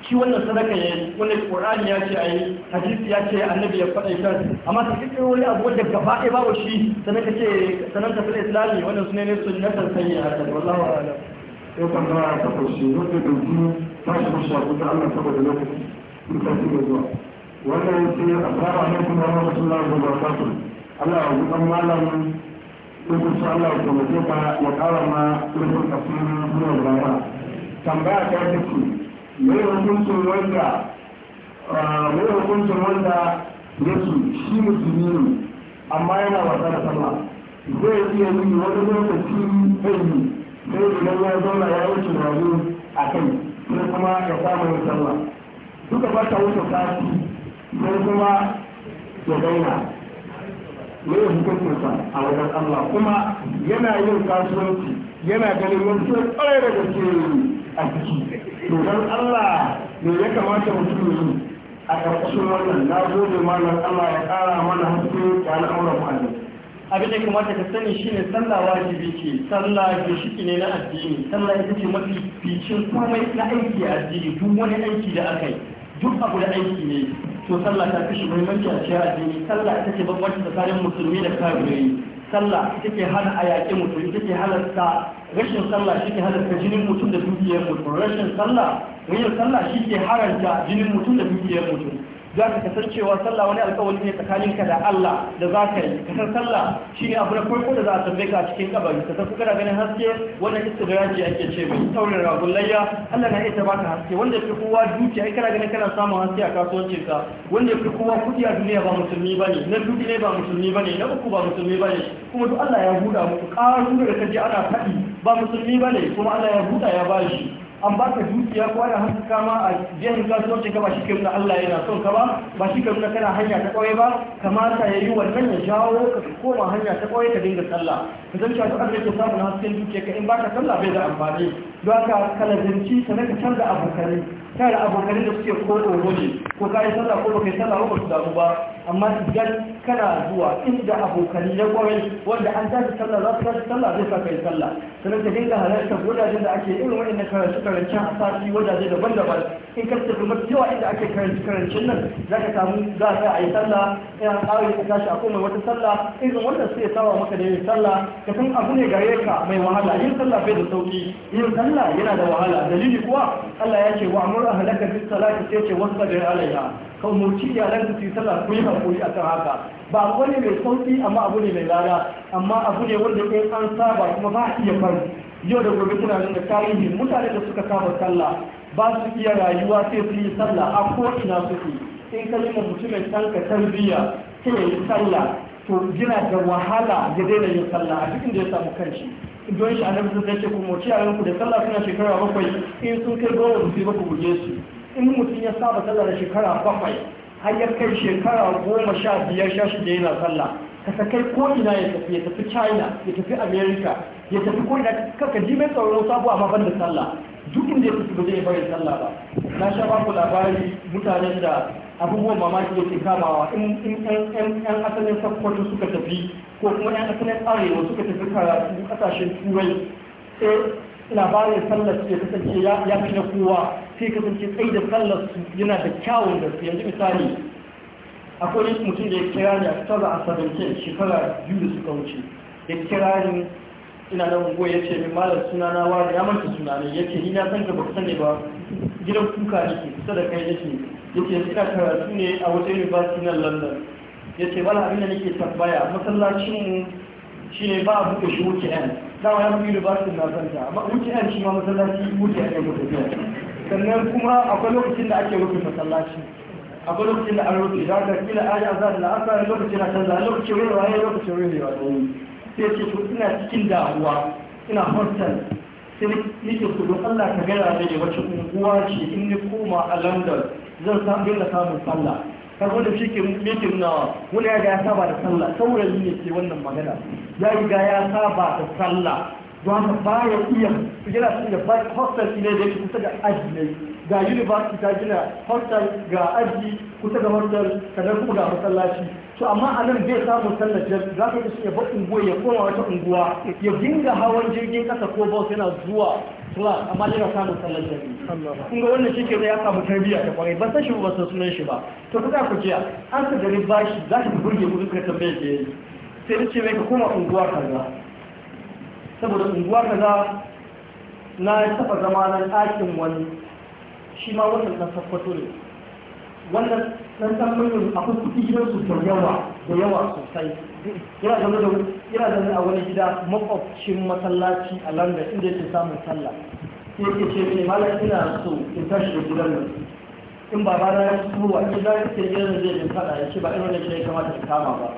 shi wannan sadaka ya yi wani Qur'ani ya ce a yi hadisi ya ce annabi ya faɗa ita amma ta kike wani abu wanda gaba ɗaya babu shi sanan kace sanan ta fil islami wannan sunan sunnatan sayyi'a ta wallahi a'lam yau kan ga ta kushi wanda da shi ta shi shi ku da Allah saboda lokaci ku ta ci zuwa wannan yace assalamu alaikum wa rahmatullahi wa barakatuh Allah ya gudan malamin Ibu Allah ya kuma ka ya kara ma rufin asirin zuwa rana. Tambaya ta yake mai hukuncin wanda ya hukuncin yake shi musulmi ne amma yana wasa da sallah zai iya yi wani lokaci zai yi sai idan ya zauna ya wuce tunani a kai sai kuma ya samu yin sallah duka ba ta wuce sati sai kuma ya daina ne ya hukuncinsa a wajen Allah kuma yana yin kasuwanci yana ganin wani sai kwarai da gaske yi a ciki to don Allah me ya kamata mutum ya yi a ƙarƙashin wannan na gode malam Allah ya ƙara mana haske da al'amuran mu abin da kamata ka sani shine sallah wajibi ce sallah ginshiki ne na addini sallah ita ce mafi ficin komai na aiki a addini duk wani aiki da aka yi duk abu da aiki ne to sallah ta fi shi muhimmanci a cikin addini sallah ita ce bambanci tsakanin musulmi da kafirai sallah ita ce hana a yaƙi mutum ita ce halarta rashin sallah shi ke halatta jinin mutum da dukiyar mutum rashin sallah rashin sallah shi ke haranta jinin mutum da dukiyar mutum za ka kasancewa sallah wani alkawari ne tsakaninka da Allah da za ka yi kasar sallah shi ne abu na farko da za a tambaye ka a cikin kabari ka san kuka ganin haske wannan yaji ake ce mai taurin layya Allah na iya baka haske wanda fi kowa dukiya ai kana ganin kana samun haske a kasuwancin ka wanda fi kowa kudi a duniya ba musulmi ba ne na duki ne ba musulmi ba ne na uku ba musulmi ba ne kuma duk Allah ya huda muku karu da kaje ana faɗi ba musulmi ba ne kuma Allah ya huda ya bashi an ba ka dukiya ko ana haka kama a jihar kasuwancin ka ba shi kai Allah yana son ka ba ba shi kai kana hanya ta kwaye ba kamata yayi wannan ya jawo ka koma hanya ta kwaye ka dinga sallah ka san cewa Allah ke na hasken dukiya ka in ba ka sallah bai da amfani don haka kalazanci sanaka canza abokanai kare da abokan da suke ko tsoro ko kai sallah ko kai sallah ko su damu ba amma idan kana zuwa inda abokan ya kwarai wanda an tashi sallah za su tashi sallah zai sa kai sallah sannan ka dinga halarta wajajen da ake irin wa'annan karatu karancin a sati wajaje daban-daban in ka tafi mafi yawa inda ake karanci karancin nan za ka samu za ka a yi sallah in an ka tashi a komai wata sallah irin wannan sai ya sawa maka da yin sallah ka san abu ne gare ka mai wahala yin sallah bai da sauki yin sallah yana da wahala dalili kuwa Allah ya ce wa amur amur ahlaka bis salati sai ce wasu wasbir alayha ka umurci yaran su yi sallah ku yi hakuri kan haka ba abu ne mai sauki amma abu ne mai lada amma abu ne wanda in an saba kuma ba iya faru yau da gobe suna da tarihi mutane da suka kama sallah ba su iya rayuwa sai su yi sallah a ko ina suke in ka mutum mutumin tanka tarbiyya sai ya yi sallah to gina da wahala ya daina yin sallah a cikin da ya samu kanshi don shi annabi sun ce ku moci a ranku da sallah suna shekara bakwai in sun kai goma musu ba ku guje su in mutum ya saba sallah da shekara bakwai har ya kai shekara goma sha biyar sha shida yana sallah ka sakai ko ina ya tafi ya tafi china ya tafi america ya tafi ko ina ka ji mai tsoron sabu amma ban da sallah duk inda ya tafi ba zai bari sallah ba na sha ba labari mutanen da abubuwan mamaki da ke kamawa in yan asalin sakwato suka tafi ko kuma yan asalin arewa suka tafi karatu kasashen turai sai labarin sallar su ya kasance ya fi na kowa sai kasance tsaye da sallar su yana da kyawun da su yanzu misali akwai mutum da ya kira ni a tsara a sabbin shekara biyu da suka wuce ya kira ni ina da ungo ya ce min malar suna na wani ya manta suna ne ya ce ni na san ka ba ba gidan kuka ne ke kusa da kai yake yake ina karatu ne a wata university na london yace wala abinda da nake tambaya masallacin ne ba a buɗe shi weekend dama ya buɗe university na zanta amma weekend shi ma masallaci weekend ne biyar. sannan kuma akwai lokacin da ake rufe masallaci akwai lokacin da an rufe za ka kila ayi azan la'asa asar lokacin na canza lokacin rufe waye lokacin rufe waye sai ce to ina cikin damuwa ina hostel sai nake kudin Allah ka gaya da wacce unguwa ce in ni koma a London zan dinga samun sallah kan wanda shi ke wani ya ga ya saba da sallah saurayi ne ke wannan magana ya riga ya saba da sallah don haka ya iya yana su da bai hostel ne da yake kusa da aji ne ga university ta gina hostel ga aji kusa da hostel kadar kuma ga masallaci to amma a nan zai samu sallar za ka yi shi ya bar unguwa ya koma wata unguwa ya dinga hawan jirgin kasa ko bau yana zuwa islam amma dai rasa musallar jami'i kun ga wannan shike ya samu tarbiyya ta kwarai ba san shi ba san sunan shi ba to kuka ku jiya an ka gari bashi za ka burge ku duka tambaye ke yi sai da ce mai ka koma unguwa kaza saboda unguwa kaza na taɓa zama na ɗakin wani shi ma wannan na sakwato ne wannan ɗan ɗan mulkin akwai kuɗi gidansu da yawa da yawa sosai Ina zama da yana a wani gida makwabcin masallaci a london inda yake samun sallah sai yake ce ce malam ina so in tashi da gidan nan in ba ba na ruwa in za ka ce da zai yi fada ya ce ba ina da ya kamata ka kama ba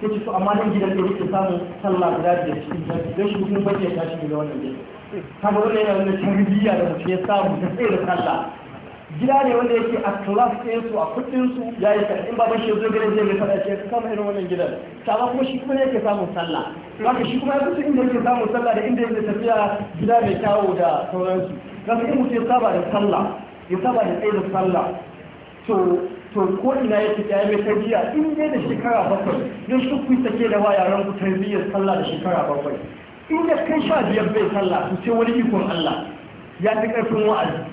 sai ce to amma nan gidan da yake samun sallah guda da cikin tashi don shi kuma bace tashi da wannan gida kamar wani yana wani tarbiyya da mutum ya samu da tsaye da sallah gida ne wanda yake a class su a kudin su ya yi kaɗa in ba shi zo gidan zai mai faɗa ce ka kama irin wannan gidan sama kuma shi kuma yake samun sallah haka shi kuma ya kusa inda yake samun sallah da inda yake tafiya gida mai kyawo da sauransu kasu in mutum ya saba da sallah ya saba da tsaye da sallah to to ko ina ya fita ya mai tarbiya in dai da shekara bakwai don shi ku sake da wa yaran ku tarbiyyar sallah da shekara bakwai in da kai sha biyar bai sallah to sai wani ikon Allah ya fi ƙarfin wa'azi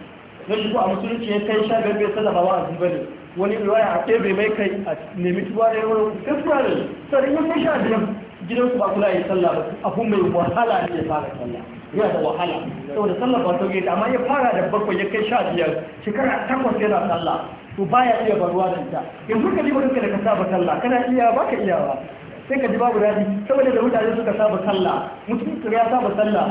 na shi a musulunci ya kai sha biyar bai hawa a zuba ne wani riwaya a ɗebe mai kai a nemi tuba da yawon fefurare sai ya kai sha biyar gidan ku ba kula ya sallah ba abu mai wahala ne ya fara sallah yana da wahala saboda sallah ba sauke ta amma ya fara da bakwai ya kai sha biyar shekara takwas yana sallah to baya iya baruwa da ita yanzu ka ji wani da ka saba sallah kana iya ba ka iya ba sai ka ji babu daɗi saboda da mutane suka saba sallah mutum ya saba sallah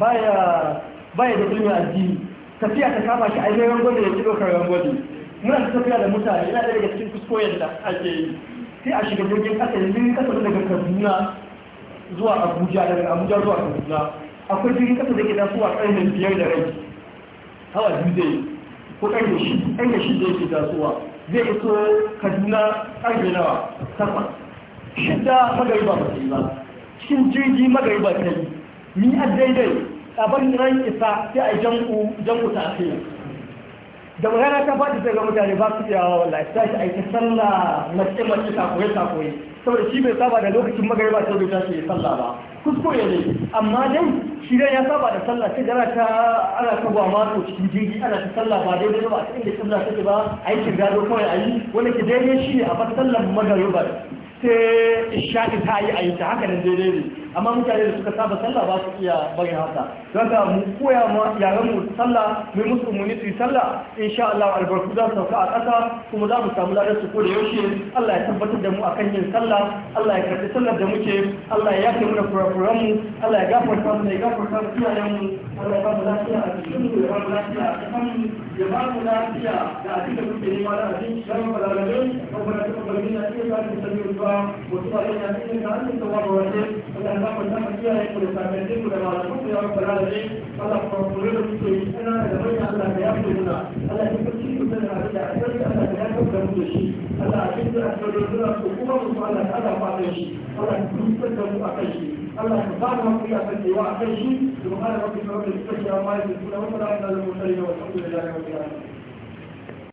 baya baya da ilimin addini tafiya ta kama shi a yi da ya ci ɗaukar rangwame muna ta tafiya da mutane yana daga cikin kuskoyen da ake yi sai a shiga jirgin ƙasa yanzu jirgin ƙasa daga kaduna zuwa abuja daga abuja zuwa kaduna akwai jirgin ƙasa da ke tasowa ƙarfin biyar da rai hawa biyu zai ko ɗan shi ƙarfe shi zai ke tasowa zai iso kaduna ƙarfe nawa takwas shidda magariba ba ta yi ba cikin jirgi magariba ta yi ni a daidai abin ran isa sai a janku janku ta ce da magana ta faɗi sai ga mutane ba su tsayawa wallahi sai shi aiki sallah mace mace ta koyi ta koyi saboda shi bai saba da lokacin magariba sai da tashi sallah ba kuskure ne amma dai shi dai ya saba da sallah sai da ta ana ta ba mato cikin jirgi ana ta sallah ba dai ba a cikin da sallah take ba aikin gado kawai ayi yi wanda ke daidai shi ne a bar sallar magariba sai isha'i ta yi a haka nan daidai ne amma mutane da suka saba sallah ba su iya bari haka don ka mu koya ma yaran mu sallah mai musu umuni su sallah insha Allah albarku za su sauka a ƙasa kuma za mu samu ladar su ko da yaushe Allah ya tabbatar da mu a kan yin sallah Allah ya karbi sallar da muke Allah ya yafe mana kurakuran mu Allah ya gafarta mu ya gafarta mu iyayen mu Allah ya ba lafiya a cikin mu ya ba mu lafiya a cikin mu ya ba mu lafiya da abin da muke nema da abin da mu balaga ne ko ba da kuma balaga ne a cikin da mu sani ba ko tuwa ina cikin da an yi tawaba wa ne samu samu iyaye da sakannin ku da malamu ku ya rabu da rai Allah ku kore da kuke yi ina da bai Allah da ya fi nuna Allah ya kace ku da da a da mu da shi a cikin da ka dora ku kuma mu Allah ta da fatan shi Allah da mu akan shi Allah ku shi